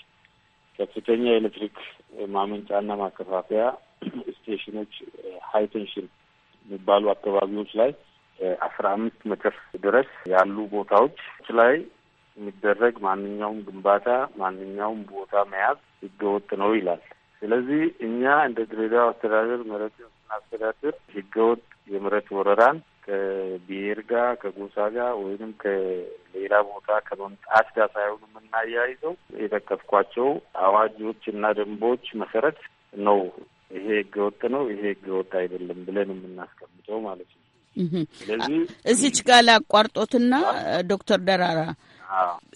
S13: ከፍተኛ የኤሌክትሪክ ማመንጫና ማከፋፈያ ስቴሽኖች ሀይቴንሽን የሚባሉ አካባቢዎች ላይ አስራ አምስት ሜትር ድረስ ያሉ ቦታዎች ላይ የሚደረግ ማንኛውም ግንባታ ማንኛውም ቦታ መያዝ ህገወጥ ነው ይላል። ስለዚህ እኛ እንደ ድሬዳዋ አስተዳደር መሬትን ስናስተዳድር ህገወጥ የመሬት ወረራን ከብሔር ጋር ከጎሳ ጋር ወይም ከሌላ ቦታ ከመምጣት ጋር ሳይሆን የምናያይዘው የጠቀስኳቸው አዋጆች እና ደንቦች መሰረት ነው። ይሄ ህገወጥ ነው፣ ይሄ ህገወጥ አይደለም ብለን የምናስቀምጠው ማለት ነው። ስለዚህ
S16: እዚች ጋር ላቋርጦትና ዶክተር ደራራ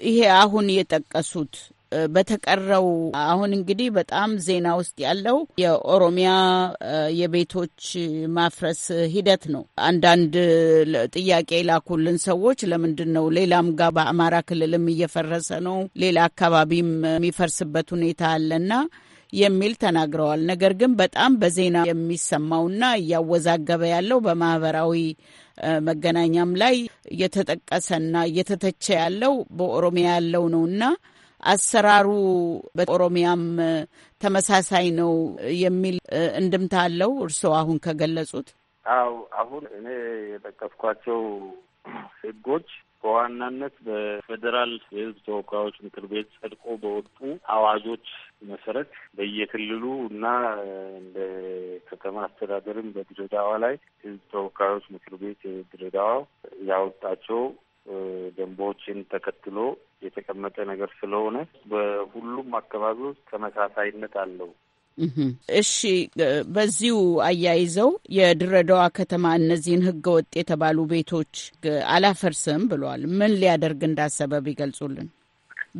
S16: ይሄ አሁን የጠቀሱት በተቀረው አሁን እንግዲህ በጣም ዜና ውስጥ ያለው የኦሮሚያ የቤቶች ማፍረስ ሂደት ነው። አንዳንድ ጥያቄ የላኩልን ሰዎች ለምንድን ነው ሌላም ጋር በአማራ ክልልም እየፈረሰ ነው፣ ሌላ አካባቢም የሚፈርስበት ሁኔታ አለና የሚል ተናግረዋል። ነገር ግን በጣም በዜና የሚሰማውና እያወዛገበ ያለው በማህበራዊ መገናኛም ላይ እየተጠቀሰና እየተተቸ ያለው በኦሮሚያ ያለው ነውና አሰራሩ በኦሮሚያም ተመሳሳይ ነው የሚል እንድምታ አለው እርስዎ አሁን ከገለጹት?
S13: አዎ አሁን እኔ የጠቀስኳቸው ህጎች በዋናነት በፌዴራል የህዝብ ተወካዮች ምክር ቤት ጸድቆ በወጡ አዋጆች መሰረት በየክልሉ እና እንደ ከተማ አስተዳደርም በድሬዳዋ ላይ ህዝብ ተወካዮች ምክር ቤት ድሬዳዋ ያወጣቸው ደንቦችን ተከትሎ የተቀመጠ ነገር ስለሆነ በሁሉም ውስጥ ተመሳሳይነት አለው።
S16: እሺ፣ በዚሁ አያይዘው የድሬዳዋ ከተማ እነዚህን ህገወጥ የተባሉ ቤቶች አላፈርስም ብለዋል። ምን ሊያደርግ እንዳሰበ ቢገልጹልን፣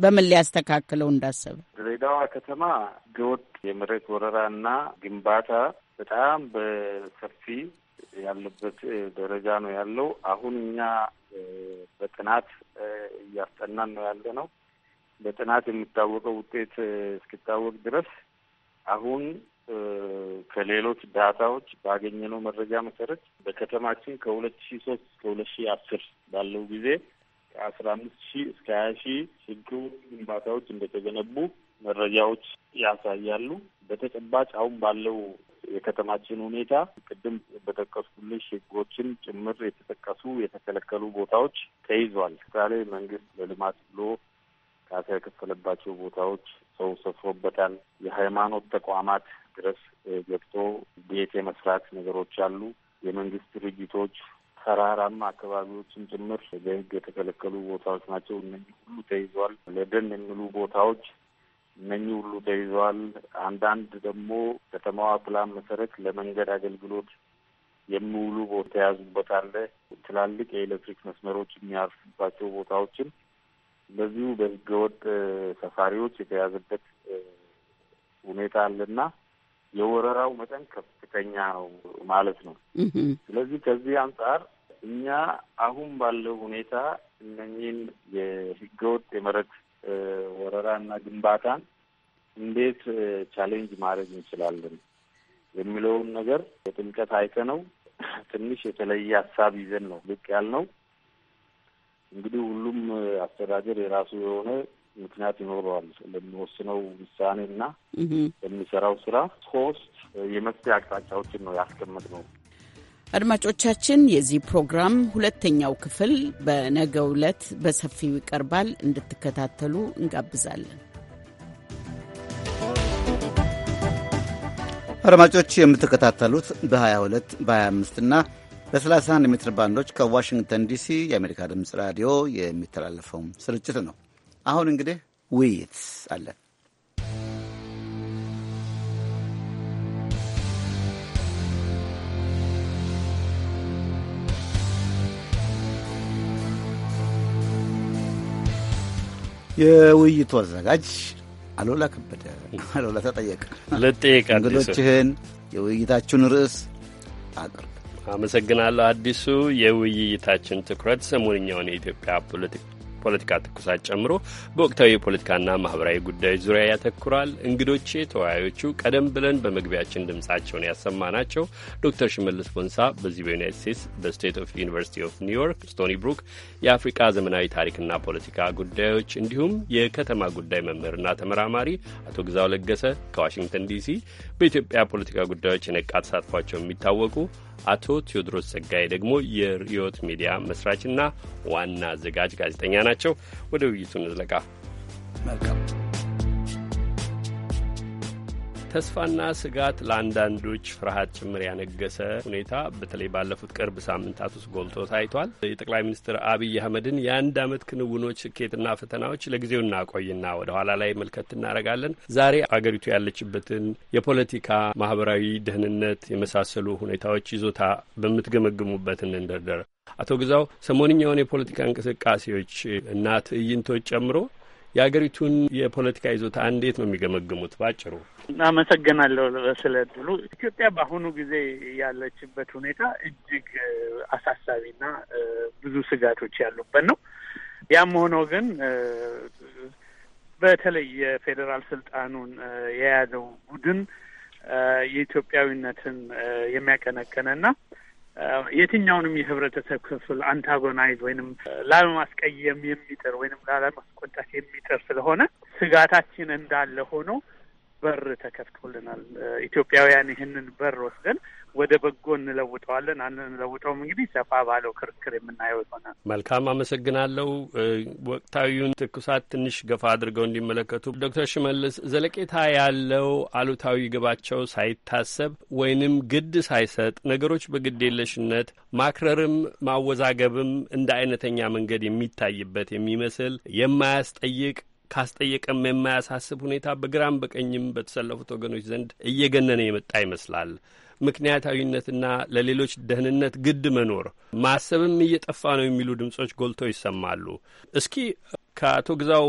S16: በምን ሊያስተካክለው እንዳሰበ።
S13: ድሬዳዋ ከተማ ህገወጥ የመሬት ወረራና ግንባታ በጣም በሰፊ ያለበት ደረጃ ነው ያለው። አሁን እኛ በጥናት እያስጠናን ነው ያለ ነው። በጥናት የሚታወቀው ውጤት እስኪታወቅ ድረስ አሁን ከሌሎች ዳታዎች ባገኘነው መረጃ መሰረት በከተማችን ከሁለት ሺ ሶስት እስከ ሁለት ሺ አስር ባለው ጊዜ ከአስራ አምስት ሺህ እስከ ሀያ ሺህ ህገወጥ ግንባታዎች እንደተገነቡ መረጃዎች ያሳያሉ። በተጨባጭ አሁን ባለው የከተማችን ሁኔታ ቅድም በጠቀስኩልሽ ህጎችን ጭምር የተጠቀሱ የተከለከሉ ቦታዎች ተይዟል። ምሳሌ መንግስት ለልማት ብሎ ካሳ የከፈለባቸው ቦታዎች ሰው ሰፍሮበታል። የሃይማኖት ተቋማት ድረስ ገብቶ ቤት የመስራት ነገሮች አሉ። የመንግስት ድርጅቶች ተራራማ አካባቢዎችን ጭምር በህግ የተከለከሉ ቦታዎች ናቸው። እነዚህ ሁሉ ተይዟል። ለደን የሚሉ ቦታዎች እነኚህ ሁሉ ተይዘዋል። አንዳንድ ደግሞ ከተማዋ ፕላን መሰረት ለመንገድ አገልግሎት የሚውሉ ቦታ አለ። ትላልቅ የኤሌክትሪክ መስመሮች የሚያርፉባቸው ቦታዎችን በዚሁ በህገወጥ ሰፋሪዎች የተያዘበት ሁኔታ አለና የወረራው መጠን ከፍተኛ ነው ማለት ነው። ስለዚህ ከዚህ አንጻር እኛ አሁን ባለው ሁኔታ እነኚህን የህገወጥ የመረት ወረራና ግንባታን እንዴት ቻሌንጅ ማድረግ እንችላለን የሚለውን ነገር በጥልቀት ነው ትንሽ የተለየ ሀሳብ ይዘን ነው ብቅ ያልነው። እንግዲህ ሁሉም አስተዳደር የራሱ የሆነ ምክንያት ይኖረዋል ለሚወስነው ውሳኔ ና ለሚሰራው ስራ ሶስት የመፍትሄ አቅጣጫዎችን ነው ያስቀመጥነው።
S16: አድማጮቻችን፣ የዚህ ፕሮግራም ሁለተኛው ክፍል በነገው ዕለት በሰፊው ይቀርባል። እንድትከታተሉ እንጋብዛለን።
S3: አድማጮች የምትከታተሉት በ22 በ25 እና በ31 ሜትር ባንዶች ከዋሽንግተን ዲሲ የአሜሪካ ድምፅ ራዲዮ የሚተላለፈውን ስርጭት ነው። አሁን እንግዲህ ውይይት አለን።
S7: የውይይቱ
S3: አዘጋጅ አሉላ ከበደ። አሉላ ተጠየቀ ልጠየቅ እንግዶችህን
S1: የውይይታችሁን ርዕስ አቅርብ። አመሰግናለሁ አዲሱ። የውይይታችን ትኩረት ሰሞንኛውን የኢትዮጵያ ፖለቲካ ፖለቲካ ትኩሳት ጨምሮ በወቅታዊ የፖለቲካና ማህበራዊ ጉዳዮች ዙሪያ ያተኩራል። እንግዶቼ ተወያዮቹ ቀደም ብለን በመግቢያችን ድምጻቸውን ያሰማ ናቸው። ዶክተር ሽመልስ ቦንሳ በዚህ በዩናይት ስቴትስ በስቴት ኦፍ ዩኒቨርሲቲ ኦፍ ኒውዮርክ ስቶኒ ብሩክ የአፍሪቃ ዘመናዊ ታሪክና ፖለቲካ ጉዳዮች እንዲሁም የከተማ ጉዳይ መምህርና ተመራማሪ፣ አቶ ግዛው ለገሰ ከዋሽንግተን ዲሲ በኢትዮጵያ ፖለቲካ ጉዳዮች የነቃ ተሳትፏቸው የሚታወቁ አቶ ቴዎድሮስ ጸጋዬ ደግሞ የሪዮት ሚዲያ መስራችና ዋና አዘጋጅ ጋዜጠኛ ናቸው። ወደ ውይይቱ እንዝለቃ። መልካም ተስፋና ስጋት ለአንዳንዶች ፍርሃት ጭምር ያነገሰ ሁኔታ በተለይ ባለፉት ቅርብ ሳምንታት ውስጥ ጎልቶ ታይቷል። የጠቅላይ ሚኒስትር አብይ አህመድን የአንድ ዓመት ክንውኖች ስኬትና ፈተናዎች ለጊዜው እናቆይና ወደ ኋላ ላይ መልከት እናደርጋለን። ዛሬ አገሪቱ ያለችበትን የፖለቲካ ማህበራዊ ደህንነት የመሳሰሉ ሁኔታዎች ይዞታ በምትገመግሙበት እንደርደር። አቶ ግዛው ሰሞንኛውን የፖለቲካ እንቅስቃሴዎች እና ትዕይንቶች ጨምሮ የሀገሪቱን የፖለቲካ ይዞታ እንዴት ነው የሚገመግሙት? ባጭሩ
S8: አመሰግናለሁ ስለ እድሉ። ኢትዮጵያ በአሁኑ ጊዜ ያለችበት ሁኔታ እጅግ አሳሳቢና ብዙ ስጋቶች ያሉበት ነው። ያም ሆኖ ግን በተለይ የፌዴራል ስልጣኑን የያዘው ቡድን የኢትዮጵያዊነትን የሚያቀነቅንና የትኛውንም የህብረተሰብ ክፍል አንታጎናይዝ ወይንም ላለማስቀየም የሚጥር ወይንም ላለማስቆጣት የሚጥር ስለሆነ ስጋታችን እንዳለ ሆኖ በር ተከፍቶልናል። ኢትዮጵያውያን ይህንን በር ወስደን ወደ በጎ እንለውጠዋለን እንለውጠውም እንግዲህ ሰፋ ባለው ክርክር የምናየው ይሆናል።
S1: መልካም አመሰግናለሁ። ወቅታዊውን ትኩሳት ትንሽ ገፋ አድርገው እንዲመለከቱ ዶክተር ሽመልስ ዘለቄታ ያለው አሉታዊ ግባቸው ሳይታሰብ ወይንም ግድ ሳይሰጥ ነገሮች የለሽነት ማክረርም ማወዛገብም እንደ አይነተኛ መንገድ የሚታይበት የሚመስል የማያስጠይቅ ካስጠየቀም የማያሳስብ ሁኔታ በግራም በቀኝም በተሰለፉት ወገኖች ዘንድ እየገነነ የመጣ ይመስላል። ምክንያታዊነትና ለሌሎች ደህንነት ግድ መኖር ማሰብም እየጠፋ ነው የሚሉ ድምጾች ጎልተው ይሰማሉ። እስኪ ከአቶ ግዛው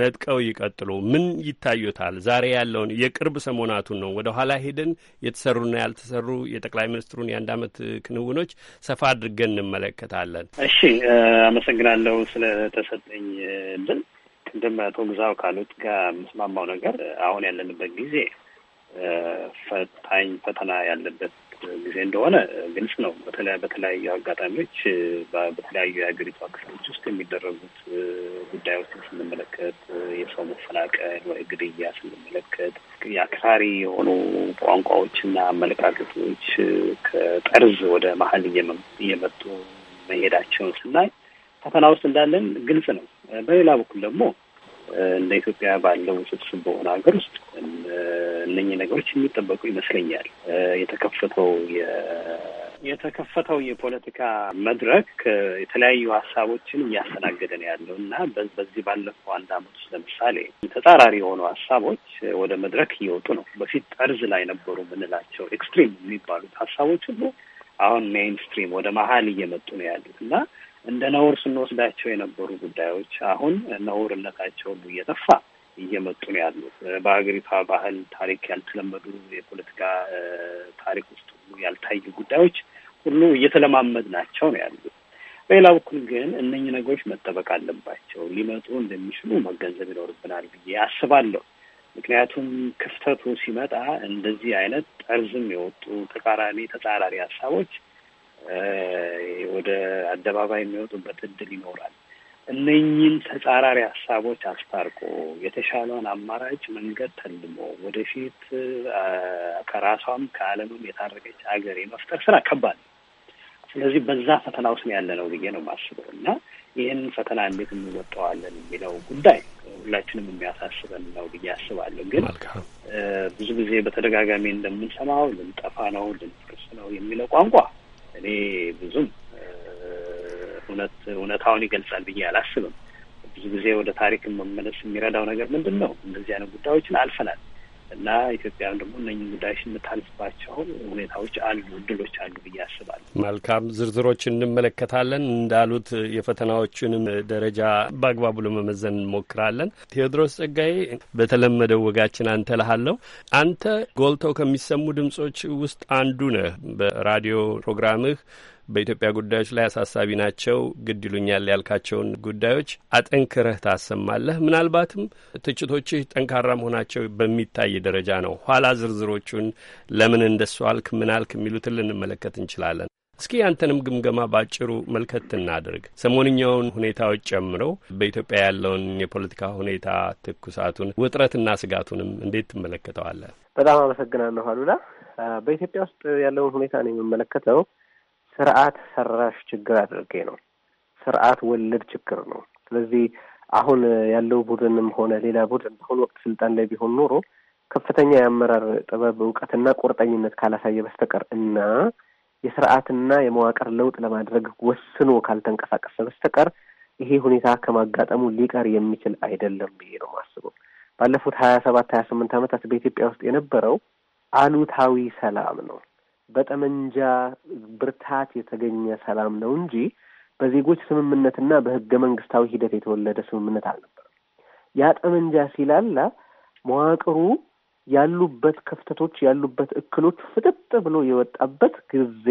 S1: ነጥቀው ይቀጥሉ። ምን ይታዩታል? ዛሬ ያለውን የቅርብ ሰሞናቱን ነው። ወደ ኋላ ሄደን የተሰሩና ያልተሰሩ የጠቅላይ ሚኒስትሩን የአንድ ዓመት ክንውኖች ሰፋ አድርገን እንመለከታለን።
S9: እሺ፣ አመሰግናለሁ ስለተሰጠኝ ድል። ቅድም አቶ ግዛው ካሉት ጋር የምስማማው ነገር አሁን ያለንበት ጊዜ ፈታኝ ፈተና ያለበት ጊዜ እንደሆነ ግልጽ ነው። በተለያ በተለያዩ አጋጣሚዎች በተለያዩ የሀገሪቷ ክፍሎች ውስጥ የሚደረጉት ጉዳዮችን ስንመለከት የሰው መፈናቀል ወይ ግድያ ስንመለከት የአክራሪ የሆኑ ቋንቋዎችና አመለካከቶች ከጠርዝ ወደ መሀል እየመጡ መሄዳቸውን ስናይ ፈተና ውስጥ እንዳለን ግልጽ ነው። በሌላ በኩል ደግሞ እንደ ኢትዮጵያ ባለው ውስብስብ በሆነ ሀገር ውስጥ እነኚህ ነገሮች የሚጠበቁ ይመስለኛል። የተከፈተው የተከፈተው የፖለቲካ መድረክ የተለያዩ ሀሳቦችን እያስተናገደ ነው ያለው እና በዚህ ባለፈው አንድ አመት ውስጥ ለምሳሌ ተጻራሪ የሆኑ ሀሳቦች ወደ መድረክ እየወጡ ነው። በፊት ጠርዝ ላይ ነበሩ የምንላቸው ኤክስትሪም የሚባሉት ሀሳቦች ሁሉ አሁን ሜንስትሪም ወደ መሀል እየመጡ ነው ያሉት እና እንደ ነውር ስንወስዳቸው የነበሩ ጉዳዮች አሁን ነውርነታቸው ሁሉ እየጠፋ እየመጡ ነው ያሉት። በሀገሪቷ ባህል ታሪክ ያልተለመዱ የፖለቲካ ታሪክ ውስጥ ሁሉ ያልታዩ ጉዳዮች ሁሉ እየተለማመድ ናቸው ነው ያሉት። በሌላ በኩል ግን እነኚህ ነገሮች መጠበቅ አለባቸው፣ ሊመጡ እንደሚችሉ መገንዘብ ይኖርብናል ብዬ አስባለሁ። ምክንያቱም ክፍተቱ ሲመጣ እንደዚህ አይነት ጠርዝም የወጡ ተቃራኒ ተጻራሪ ሀሳቦች ወደ አደባባይ የሚወጡበት እድል ይኖራል። እነኚህን ተጻራሪ ሀሳቦች አስታርቆ የተሻለውን አማራጭ መንገድ ተልሞ ወደፊት ከራሷም ከዓለምም የታረቀች ሀገር የመፍጠር ስራ ከባድ ነው። ስለዚህ በዛ ፈተና ውስጥ ያለ ነው ብዬ ነው የማስበው እና ይህንን ፈተና እንዴት እንወጣዋለን የሚለው ጉዳይ ሁላችንም የሚያሳስበን ነው ብዬ አስባለሁ። ግን ብዙ ጊዜ በተደጋጋሚ እንደምንሰማው ልንጠፋ ነው፣ ልንፈርስ ነው የሚለው ቋንቋ እኔ ብዙም እውነት እውነታውን ይገልጻል ብዬ አላስብም። ብዙ ጊዜ ወደ ታሪክ መመለስ የሚረዳው ነገር ምንድን ነው? እንደዚህ አይነት ጉዳዮችን አልፈናል እና ኢትዮጵያም ደግሞ እነኝን ጉዳዮች የምታልፍባቸው ሁኔታዎች አሉ፣ እድሎች አሉ ብዬ አስባለሁ።
S1: መልካም ዝርዝሮች እንመለከታለን። እንዳሉት የፈተናዎቹንም ደረጃ በአግባቡ ለመመዘን እንሞክራለን። ቴዎድሮስ ጸጋዬ፣ በተለመደው ወጋችን አንተ ልሃለሁ። አንተ ጎልተው ከሚሰሙ ድምጾች ውስጥ አንዱ ነህ። በራዲዮ ፕሮግራምህ በኢትዮጵያ ጉዳዮች ላይ አሳሳቢ ናቸው ግድ ይሉኛል ያልካቸውን ጉዳዮች አጠንክረህ ታሰማለህ። ምናልባትም ትችቶችህ ጠንካራ መሆናቸው በሚታይ ደረጃ ነው። ኋላ ዝርዝሮቹን ለምን እንደሱ አልክ፣ ምን አልክ የሚሉትን ልንመለከት እንችላለን። እስኪ ያንተንም ግምገማ ባጭሩ መልከት እናድርግ። ሰሞንኛውን ሁኔታዎች ጨምሮ በኢትዮጵያ ያለውን የፖለቲካ ሁኔታ ትኩሳቱን፣ ውጥረትና ስጋቱንም እንዴት ትመለከተዋለህ?
S10: በጣም አመሰግናለሁ አሉላ። በኢትዮጵያ ውስጥ ያለውን ሁኔታ ነው የምመለከተው። ስርዓት ሰራሽ ችግር አድርጌ ነው። ስርዓት ወለድ ችግር ነው። ስለዚህ አሁን ያለው ቡድንም ሆነ ሌላ ቡድን በአሁኑ ወቅት ስልጣን ላይ ቢሆን ኖሮ ከፍተኛ የአመራር ጥበብ እውቀትና ቁርጠኝነት ካላሳየ በስተቀር እና የስርዓትና የመዋቅር ለውጥ ለማድረግ ወስኖ ካልተንቀሳቀሰ በስተቀር ይሄ ሁኔታ ከማጋጠሙ ሊቀር የሚችል አይደለም ብዬ ነው የማስበው። ባለፉት ሀያ ሰባት ሀያ ስምንት ዓመታት በኢትዮጵያ ውስጥ የነበረው አሉታዊ ሰላም ነው። በጠመንጃ ብርታት የተገኘ ሰላም ነው እንጂ በዜጎች ስምምነትና በህገ መንግስታዊ ሂደት የተወለደ ስምምነት አልነበረም። ያ ጠመንጃ ሲላላ መዋቅሩ ያሉበት ክፍተቶች ያሉበት እክሎች ፍጥጥ ብሎ የወጣበት ጊዜ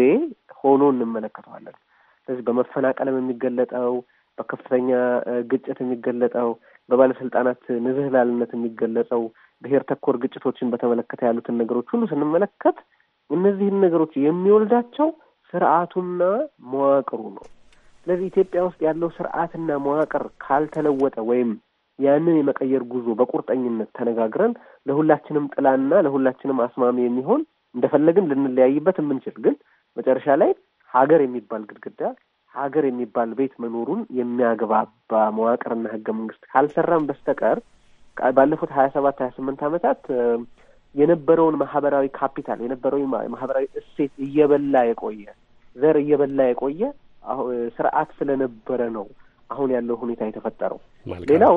S10: ሆኖ እንመለከተዋለን። ስለዚህ በመፈናቀለም የሚገለጠው በከፍተኛ ግጭት የሚገለጠው በባለስልጣናት ንዝህላልነት የሚገለጸው ብሔር ተኮር ግጭቶችን በተመለከተ ያሉትን ነገሮች ሁሉ ስንመለከት እነዚህን ነገሮች የሚወልዳቸው ስርዓቱና መዋቅሩ ነው። ስለዚህ ኢትዮጵያ ውስጥ ያለው ስርዓትና መዋቅር ካልተለወጠ ወይም ያንን የመቀየር ጉዞ በቁርጠኝነት ተነጋግረን ለሁላችንም ጥላና ለሁላችንም አስማሚ የሚሆን እንደፈለግን ልንለያይበት የምንችል ግን መጨረሻ ላይ ሀገር የሚባል ግድግዳ ሀገር የሚባል ቤት መኖሩን የሚያግባባ መዋቅርና ህገ መንግስት ካልሰራም በስተቀር ባለፉት ሀያ ሰባት ሀያ ስምንት ዓመታት የነበረውን ማህበራዊ ካፒታል የነበረው ማህበራዊ እሴት እየበላ የቆየ ዘር እየበላ የቆየ ስርዓት ስለነበረ ነው አሁን ያለው ሁኔታ የተፈጠረው። ሌላው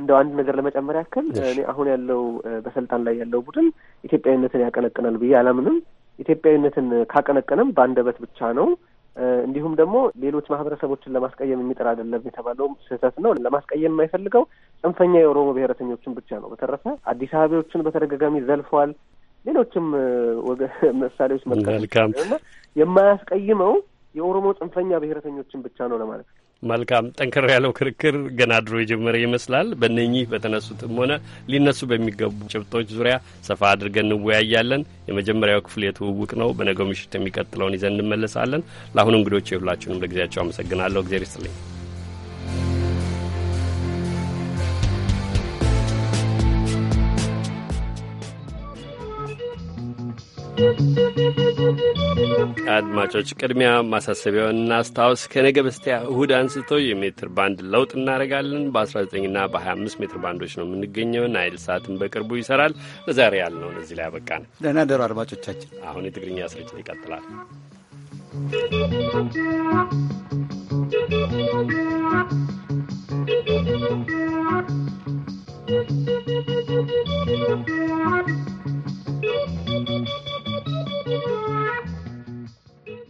S10: እንደው አንድ ነገር ለመጨመር ያክል እኔ አሁን ያለው በስልጣን ላይ ያለው ቡድን ኢትዮጵያዊነትን ያቀነቅናል ብዬ አላምንም። ኢትዮጵያዊነትን ካቀነቀነም በአንደበት ብቻ ነው። እንዲሁም ደግሞ ሌሎች ማህበረሰቦችን ለማስቀየም የሚጥር አይደለም የተባለው ስህተት ነው። ለማስቀየም የማይፈልገው ጽንፈኛ የኦሮሞ ብሔረተኞችን ብቻ ነው። በተረፈ አዲስ አበቤዎችን በተደጋጋሚ ዘልፈዋል። ሌሎችም ምሳሌዎች መልካም የማያስቀይመው የኦሮሞ ጽንፈኛ ብሔረተኞችን ብቻ ነው ለማለት ነው።
S1: መልካም ጠንከር ያለው ክርክር ገና ድሮ የጀመረ ይመስላል። በእነኚህ በተነሱትም ሆነ ሊነሱ በሚገቡ ጭብጦች ዙሪያ ሰፋ አድርገን እንወያያለን። የመጀመሪያው ክፍል የትውውቅ ነው። በነገው ምሽት የሚቀጥለውን ይዘን እንመለሳለን። ለአሁኑ እንግዶች የሁላችሁንም ለጊዜያቸው አመሰግናለሁ። እግዜር ይስጥልኝ። አድማጮች ቅድሚያ ማሳሰቢያውን እናስታውስ። ከነገ በስቲያ እሁድ አንስቶ የሜትር ባንድ ለውጥ እናደርጋለን። በ19ና በ25 ሜትር ባንዶች ነው የምንገኘው። ናይል ሰዓትን በቅርቡ ይሰራል። ለዛሬ ያልነውን እዚህ ላይ አበቃን። ደህና ደሩ አድማጮቻችን። አሁን የትግርኛ ስርጭት ይቀጥላል።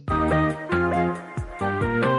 S8: Thank you.